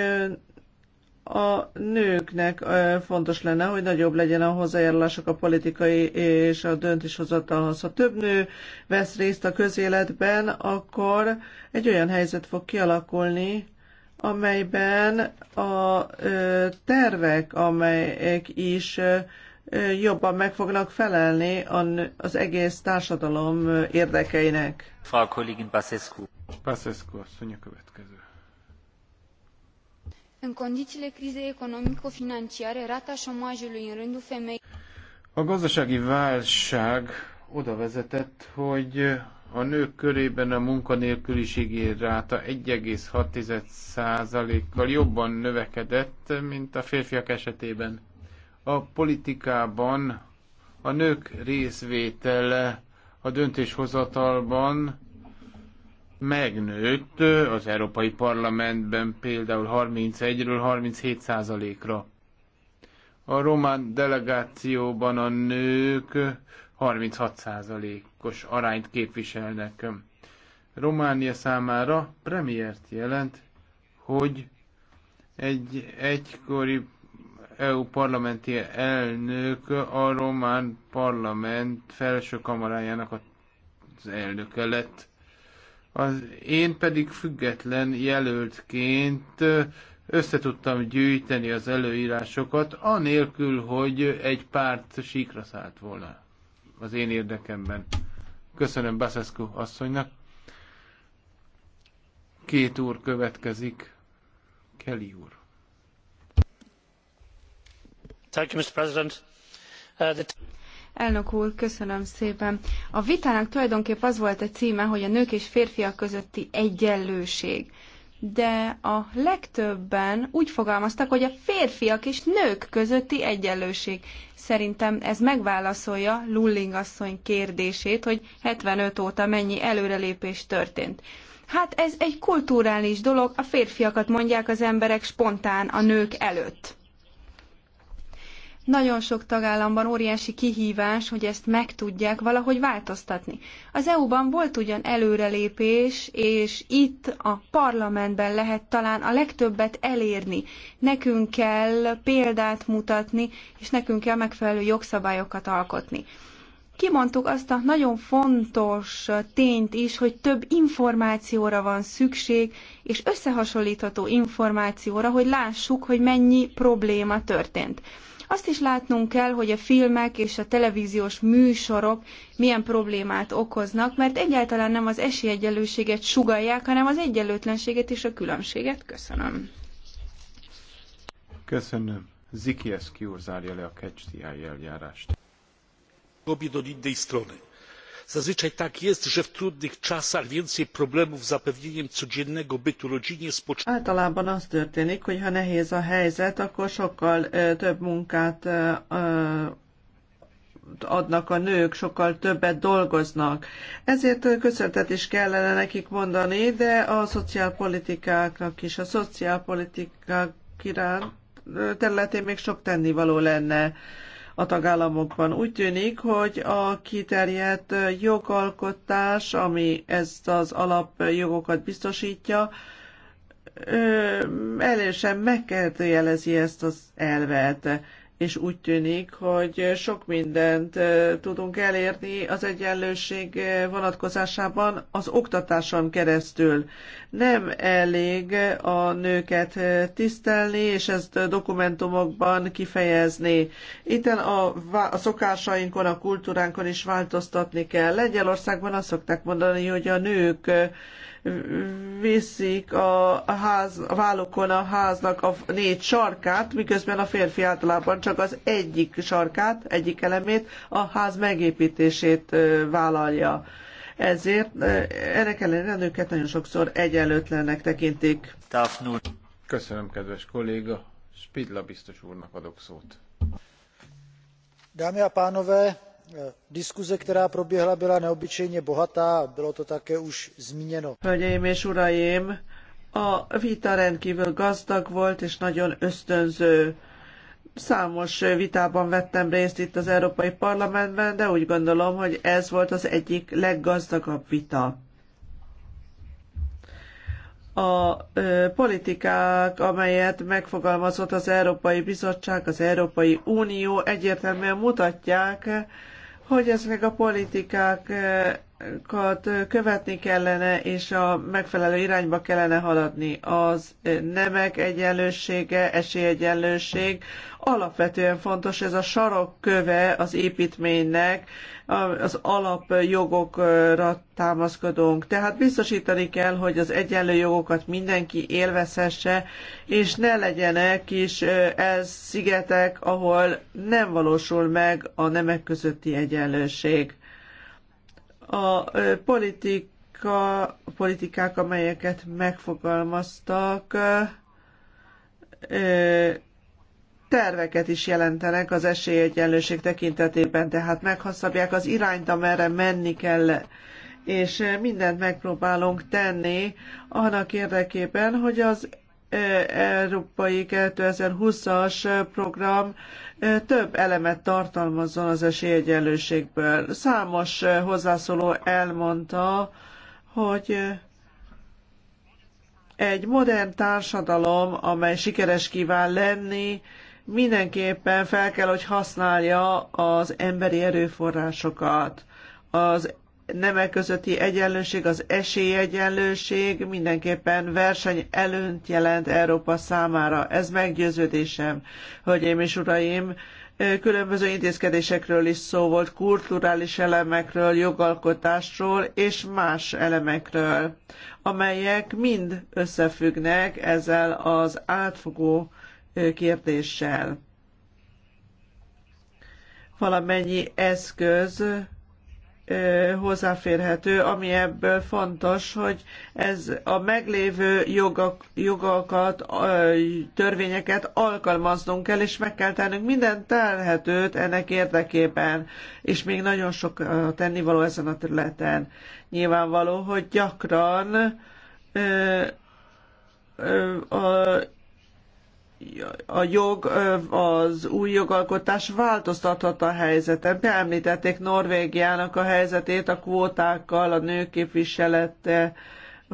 a nőknek fontos lenne, hogy nagyobb legyen a hozzájárulások a politikai és a döntéshozatalhoz. Ha több nő vesz részt a közéletben, akkor egy olyan helyzet fog kialakulni, amelyben a tervek, amelyek is jobban meg fognak felelni az egész társadalom érdekeinek. Frau Kollegin Basescu. Paszeszko asszony a következő. În condițiile crizei economico-financiare, rata șomajului în rândul femei... A gazdasági válság oda vezetett, hogy a nők körében a munkanélküliségi ráta 1,6%-kal jobban növekedett, mint a férfiak esetében. A politikában a nők részvétele a döntéshozatalban megnőtt az Európai Parlamentben például 31-ről 37%-ra. A román delegációban a nők 36%-os arányt képviselnek. Románia számára premiért jelent, hogy egy egykori EU parlamenti elnök a román parlament felső kamarájának az elnöke lett az én pedig független jelöltként összetudtam gyűjteni az előírásokat, anélkül, hogy egy párt síkra szállt volna az én érdekemben. Köszönöm Baszeszku asszonynak. Két úr következik. Kelly úr. Thank you, Mr. President. Uh, the Elnök úr, köszönöm szépen. A vitának tulajdonképp az volt a címe, hogy a nők és férfiak közötti egyenlőség. De a legtöbben úgy fogalmaztak, hogy a férfiak és nők közötti egyenlőség. Szerintem ez megválaszolja Lulling asszony kérdését, hogy 75 óta mennyi előrelépés történt. Hát ez egy kulturális dolog, a férfiakat mondják az emberek spontán a nők előtt. Nagyon sok tagállamban óriási kihívás, hogy ezt meg tudják valahogy változtatni. Az EU-ban volt ugyan előrelépés, és itt a parlamentben lehet talán a legtöbbet elérni. Nekünk kell példát mutatni, és nekünk kell megfelelő jogszabályokat alkotni kimondtuk azt a nagyon fontos tényt is, hogy több információra van szükség, és összehasonlítható információra, hogy lássuk, hogy mennyi probléma történt. Azt is látnunk kell, hogy a filmek és a televíziós műsorok milyen problémát okoznak, mert egyáltalán nem az esélyegyenlőséget sugalják, hanem az egyenlőtlenséget és a különbséget. Köszönöm. Köszönöm. Zikierski úr zárja le a Catch eljárást. Robi do innej strony zazwyczaj tak jest że w trudnych czasach więcej problemów z zapewnieniem codziennego bytu rodzinie spoczywa. általában az történik hogy ha nehéz a helyzet akkor sokkal e, több munkát e, e, adnak a nők, sokkal többet dolgoznak. Ezért köszöntet is kellene nekik mondani, de a szociálpolitikáknak is, a szociálpolitikák iránt területén még sok tennivaló lenne a tagállamokban. Úgy tűnik, hogy a kiterjedt jogalkotás, ami ezt az alapjogokat biztosítja, elősen megkérdőjelezi ezt az elvet és úgy tűnik, hogy sok mindent tudunk elérni az egyenlőség vonatkozásában az oktatáson keresztül. Nem elég a nőket tisztelni, és ezt dokumentumokban kifejezni. Itt a, a szokásainkon, a kultúránkon is változtatni kell. Lengyelországban azt szokták mondani, hogy a nők viszik a, ház, a vállukon a háznak a négy sarkát, miközben a férfi általában csak az egyik sarkát, egyik elemét, a ház megépítését vállalja. Ezért ennek ellenére nőket nagyon sokszor egyenlőtlennek tekintik. Köszönöm, kedves kolléga. Spidla biztos úrnak adok szót. Dámy a pánové, Eh, diskuze, která proběhla, byla neobyčejně bohatá a bylo to také už zmíněno. Hölgyeim és uraim, a vita rendkívül gazdag volt és nagyon ösztönző. Számos vitában vettem részt itt az Európai Parlamentben, de úgy gondolom, hogy ez volt az egyik leggazdagabb vita a politikák, amelyet megfogalmazott az Európai Bizottság, az Európai Unió egyértelműen mutatják, hogy ezek a politikák eh, követni kellene, és a megfelelő irányba kellene haladni. Az nemek egyenlősége, esélyegyenlőség alapvetően fontos, ez a sarokköve az építménynek, az alapjogokra támaszkodunk. Tehát biztosítani kell, hogy az egyenlő jogokat mindenki élvezhesse, és ne legyenek is ez szigetek, ahol nem valósul meg a nemek közötti egyenlőség a politika, politikák, amelyeket megfogalmaztak, terveket is jelentenek az esélyegyenlőség tekintetében, tehát meghasszabják az irányt, amerre menni kell és mindent megpróbálunk tenni annak érdekében, hogy az Európai 2020-as program több elemet tartalmazzon az esélyegyenlőségből. Számos hozzászóló elmondta, hogy egy modern társadalom, amely sikeres kíván lenni, mindenképpen fel kell, hogy használja az emberi erőforrásokat. Az nemek közötti egyenlőség, az esélyegyenlőség mindenképpen verseny előnyt jelent Európa számára. Ez meggyőződésem, hölgyeim és uraim. Különböző intézkedésekről is szó volt, kulturális elemekről, jogalkotásról és más elemekről, amelyek mind összefüggnek ezzel az átfogó kérdéssel. Valamennyi eszköz hozzáférhető, ami ebből fontos, hogy ez a meglévő jogak, jogokat, törvényeket alkalmaznunk kell, és meg kell tennünk minden telhetőt ennek érdekében, és még nagyon sok tennivaló ezen a területen. Nyilvánvaló, hogy gyakran a a jog, az új jogalkotás változtathat a helyzetet. Beemlítették Norvégiának a helyzetét a kvótákkal, a nőképviselete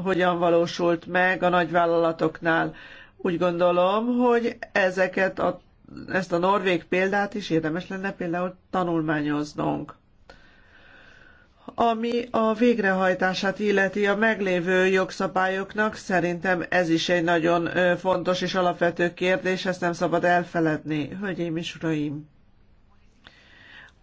hogyan valósult meg a nagyvállalatoknál. Úgy gondolom, hogy ezeket a, ezt a norvég példát is érdemes lenne például tanulmányoznunk ami a végrehajtását illeti a meglévő jogszabályoknak, szerintem ez is egy nagyon fontos és alapvető kérdés, ezt nem szabad elfeledni, hölgyeim és uraim.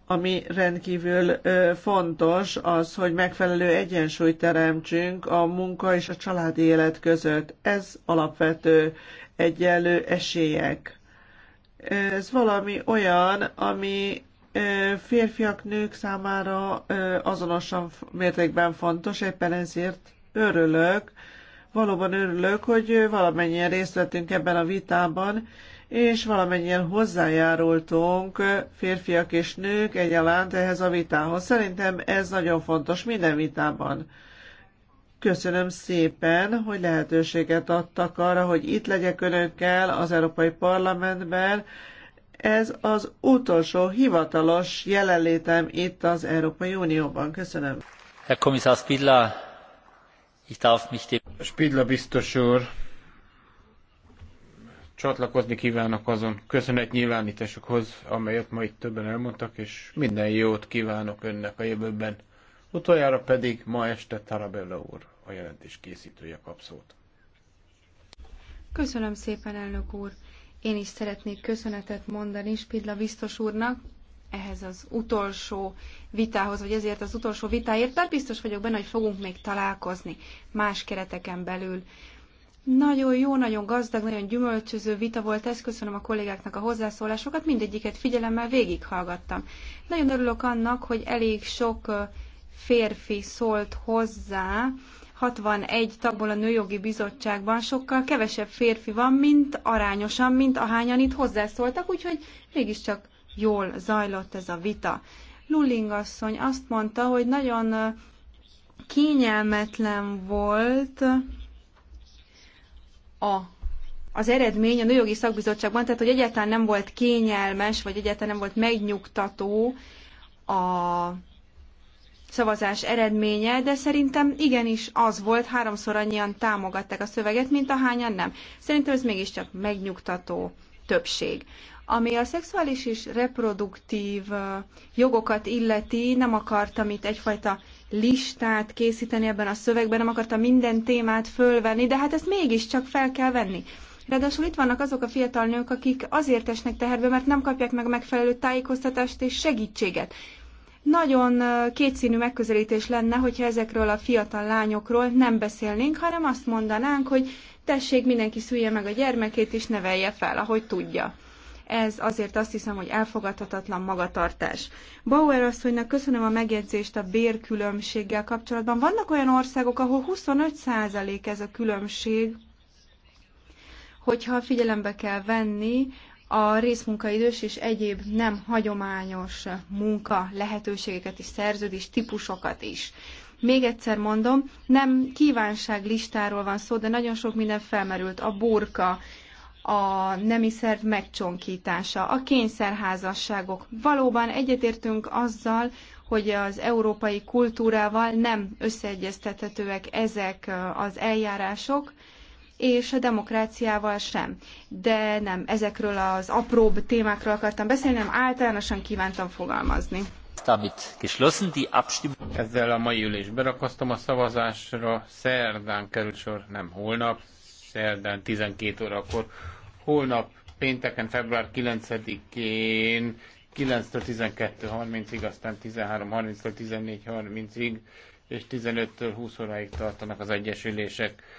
Ami rendkívül fontos az, hogy megfelelő egyensúlyt teremtsünk a munka és a családi élet között. Ez alapvető egyenlő esélyek. Ez valami olyan, ami férfiak, nők számára azonosan mértékben fontos, éppen ezért örülök, valóban örülök, hogy valamennyien részt vettünk ebben a vitában, és valamennyien hozzájárultunk férfiak és nők egyaránt ehhez a vitához. Szerintem ez nagyon fontos minden vitában. Köszönöm szépen, hogy lehetőséget adtak arra, hogy itt legyek önökkel az Európai Parlamentben, ez az utolsó hivatalos jelenlétem itt az Európai Unióban. Köszönöm. Herr Kommissar Spidla, ich darf mich dem... Spidla biztos úr, csatlakozni kívánok azon köszönet nyilvánításokhoz, amelyet ma itt többen elmondtak, és minden jót kívánok önnek a jövőben. Utoljára pedig ma este Tarabella úr, a jelentés készítője kap szót. Köszönöm szépen, elnök úr. Én is szeretnék köszönetet mondani Spidla biztos úrnak ehhez az utolsó vitához, vagy ezért az utolsó vitáért, de biztos vagyok benne, hogy fogunk még találkozni más kereteken belül. Nagyon jó, nagyon gazdag, nagyon gyümölcsöző vita volt ez. Köszönöm a kollégáknak a hozzászólásokat, mindegyiket figyelemmel végighallgattam. Nagyon örülök annak, hogy elég sok férfi szólt hozzá 61 tagból a Nőjogi Bizottságban sokkal kevesebb férfi van, mint arányosan, mint ahányan itt hozzászóltak, úgyhogy mégiscsak jól zajlott ez a vita. Lulling asszony azt mondta, hogy nagyon kényelmetlen volt a az eredmény a Nőjogi Szakbizottságban, tehát hogy egyáltalán nem volt kényelmes, vagy egyáltalán nem volt megnyugtató a szavazás eredménye, de szerintem igenis az volt, háromszor annyian támogatták a szöveget, mint ahányan nem. Szerintem ez mégiscsak megnyugtató többség. Ami a szexuális és reproduktív jogokat illeti, nem akartam itt egyfajta listát készíteni ebben a szövegben, nem akartam minden témát fölvenni, de hát ezt mégiscsak fel kell venni. Ráadásul itt vannak azok a fiatal nők, akik azért esnek teherbe, mert nem kapják meg megfelelő tájékoztatást és segítséget. Nagyon kétszínű megközelítés lenne, hogyha ezekről a fiatal lányokról nem beszélnénk, hanem azt mondanánk, hogy tessék, mindenki szülje meg a gyermekét, és nevelje fel, ahogy tudja. Ez azért azt hiszem, hogy elfogadhatatlan magatartás. Bauer asszonynak köszönöm a megjegyzést a bérkülönbséggel kapcsolatban. Vannak olyan országok, ahol 25% ez a különbség, hogyha figyelembe kell venni a részmunkaidős és egyéb nem hagyományos munka lehetőségeket és szerződés típusokat is. Még egyszer mondom, nem kívánság listáról van szó, de nagyon sok minden felmerült. A burka, a nemi szerv megcsonkítása, a kényszerházasságok. Valóban egyetértünk azzal, hogy az európai kultúrával nem összeegyeztethetőek ezek az eljárások, és a demokráciával sem. De nem ezekről az apróbb témákról akartam beszélni, hanem általánosan kívántam fogalmazni. Ezzel a mai ülés berakasztom a szavazásra. Szerdán kerül sor, nem holnap, szerdán 12 órakor. Holnap pénteken, február 9-én 9-től 12.30-ig, aztán 13.30-től 14.30-ig, és 15-től 20 óráig tartanak az egyesülések.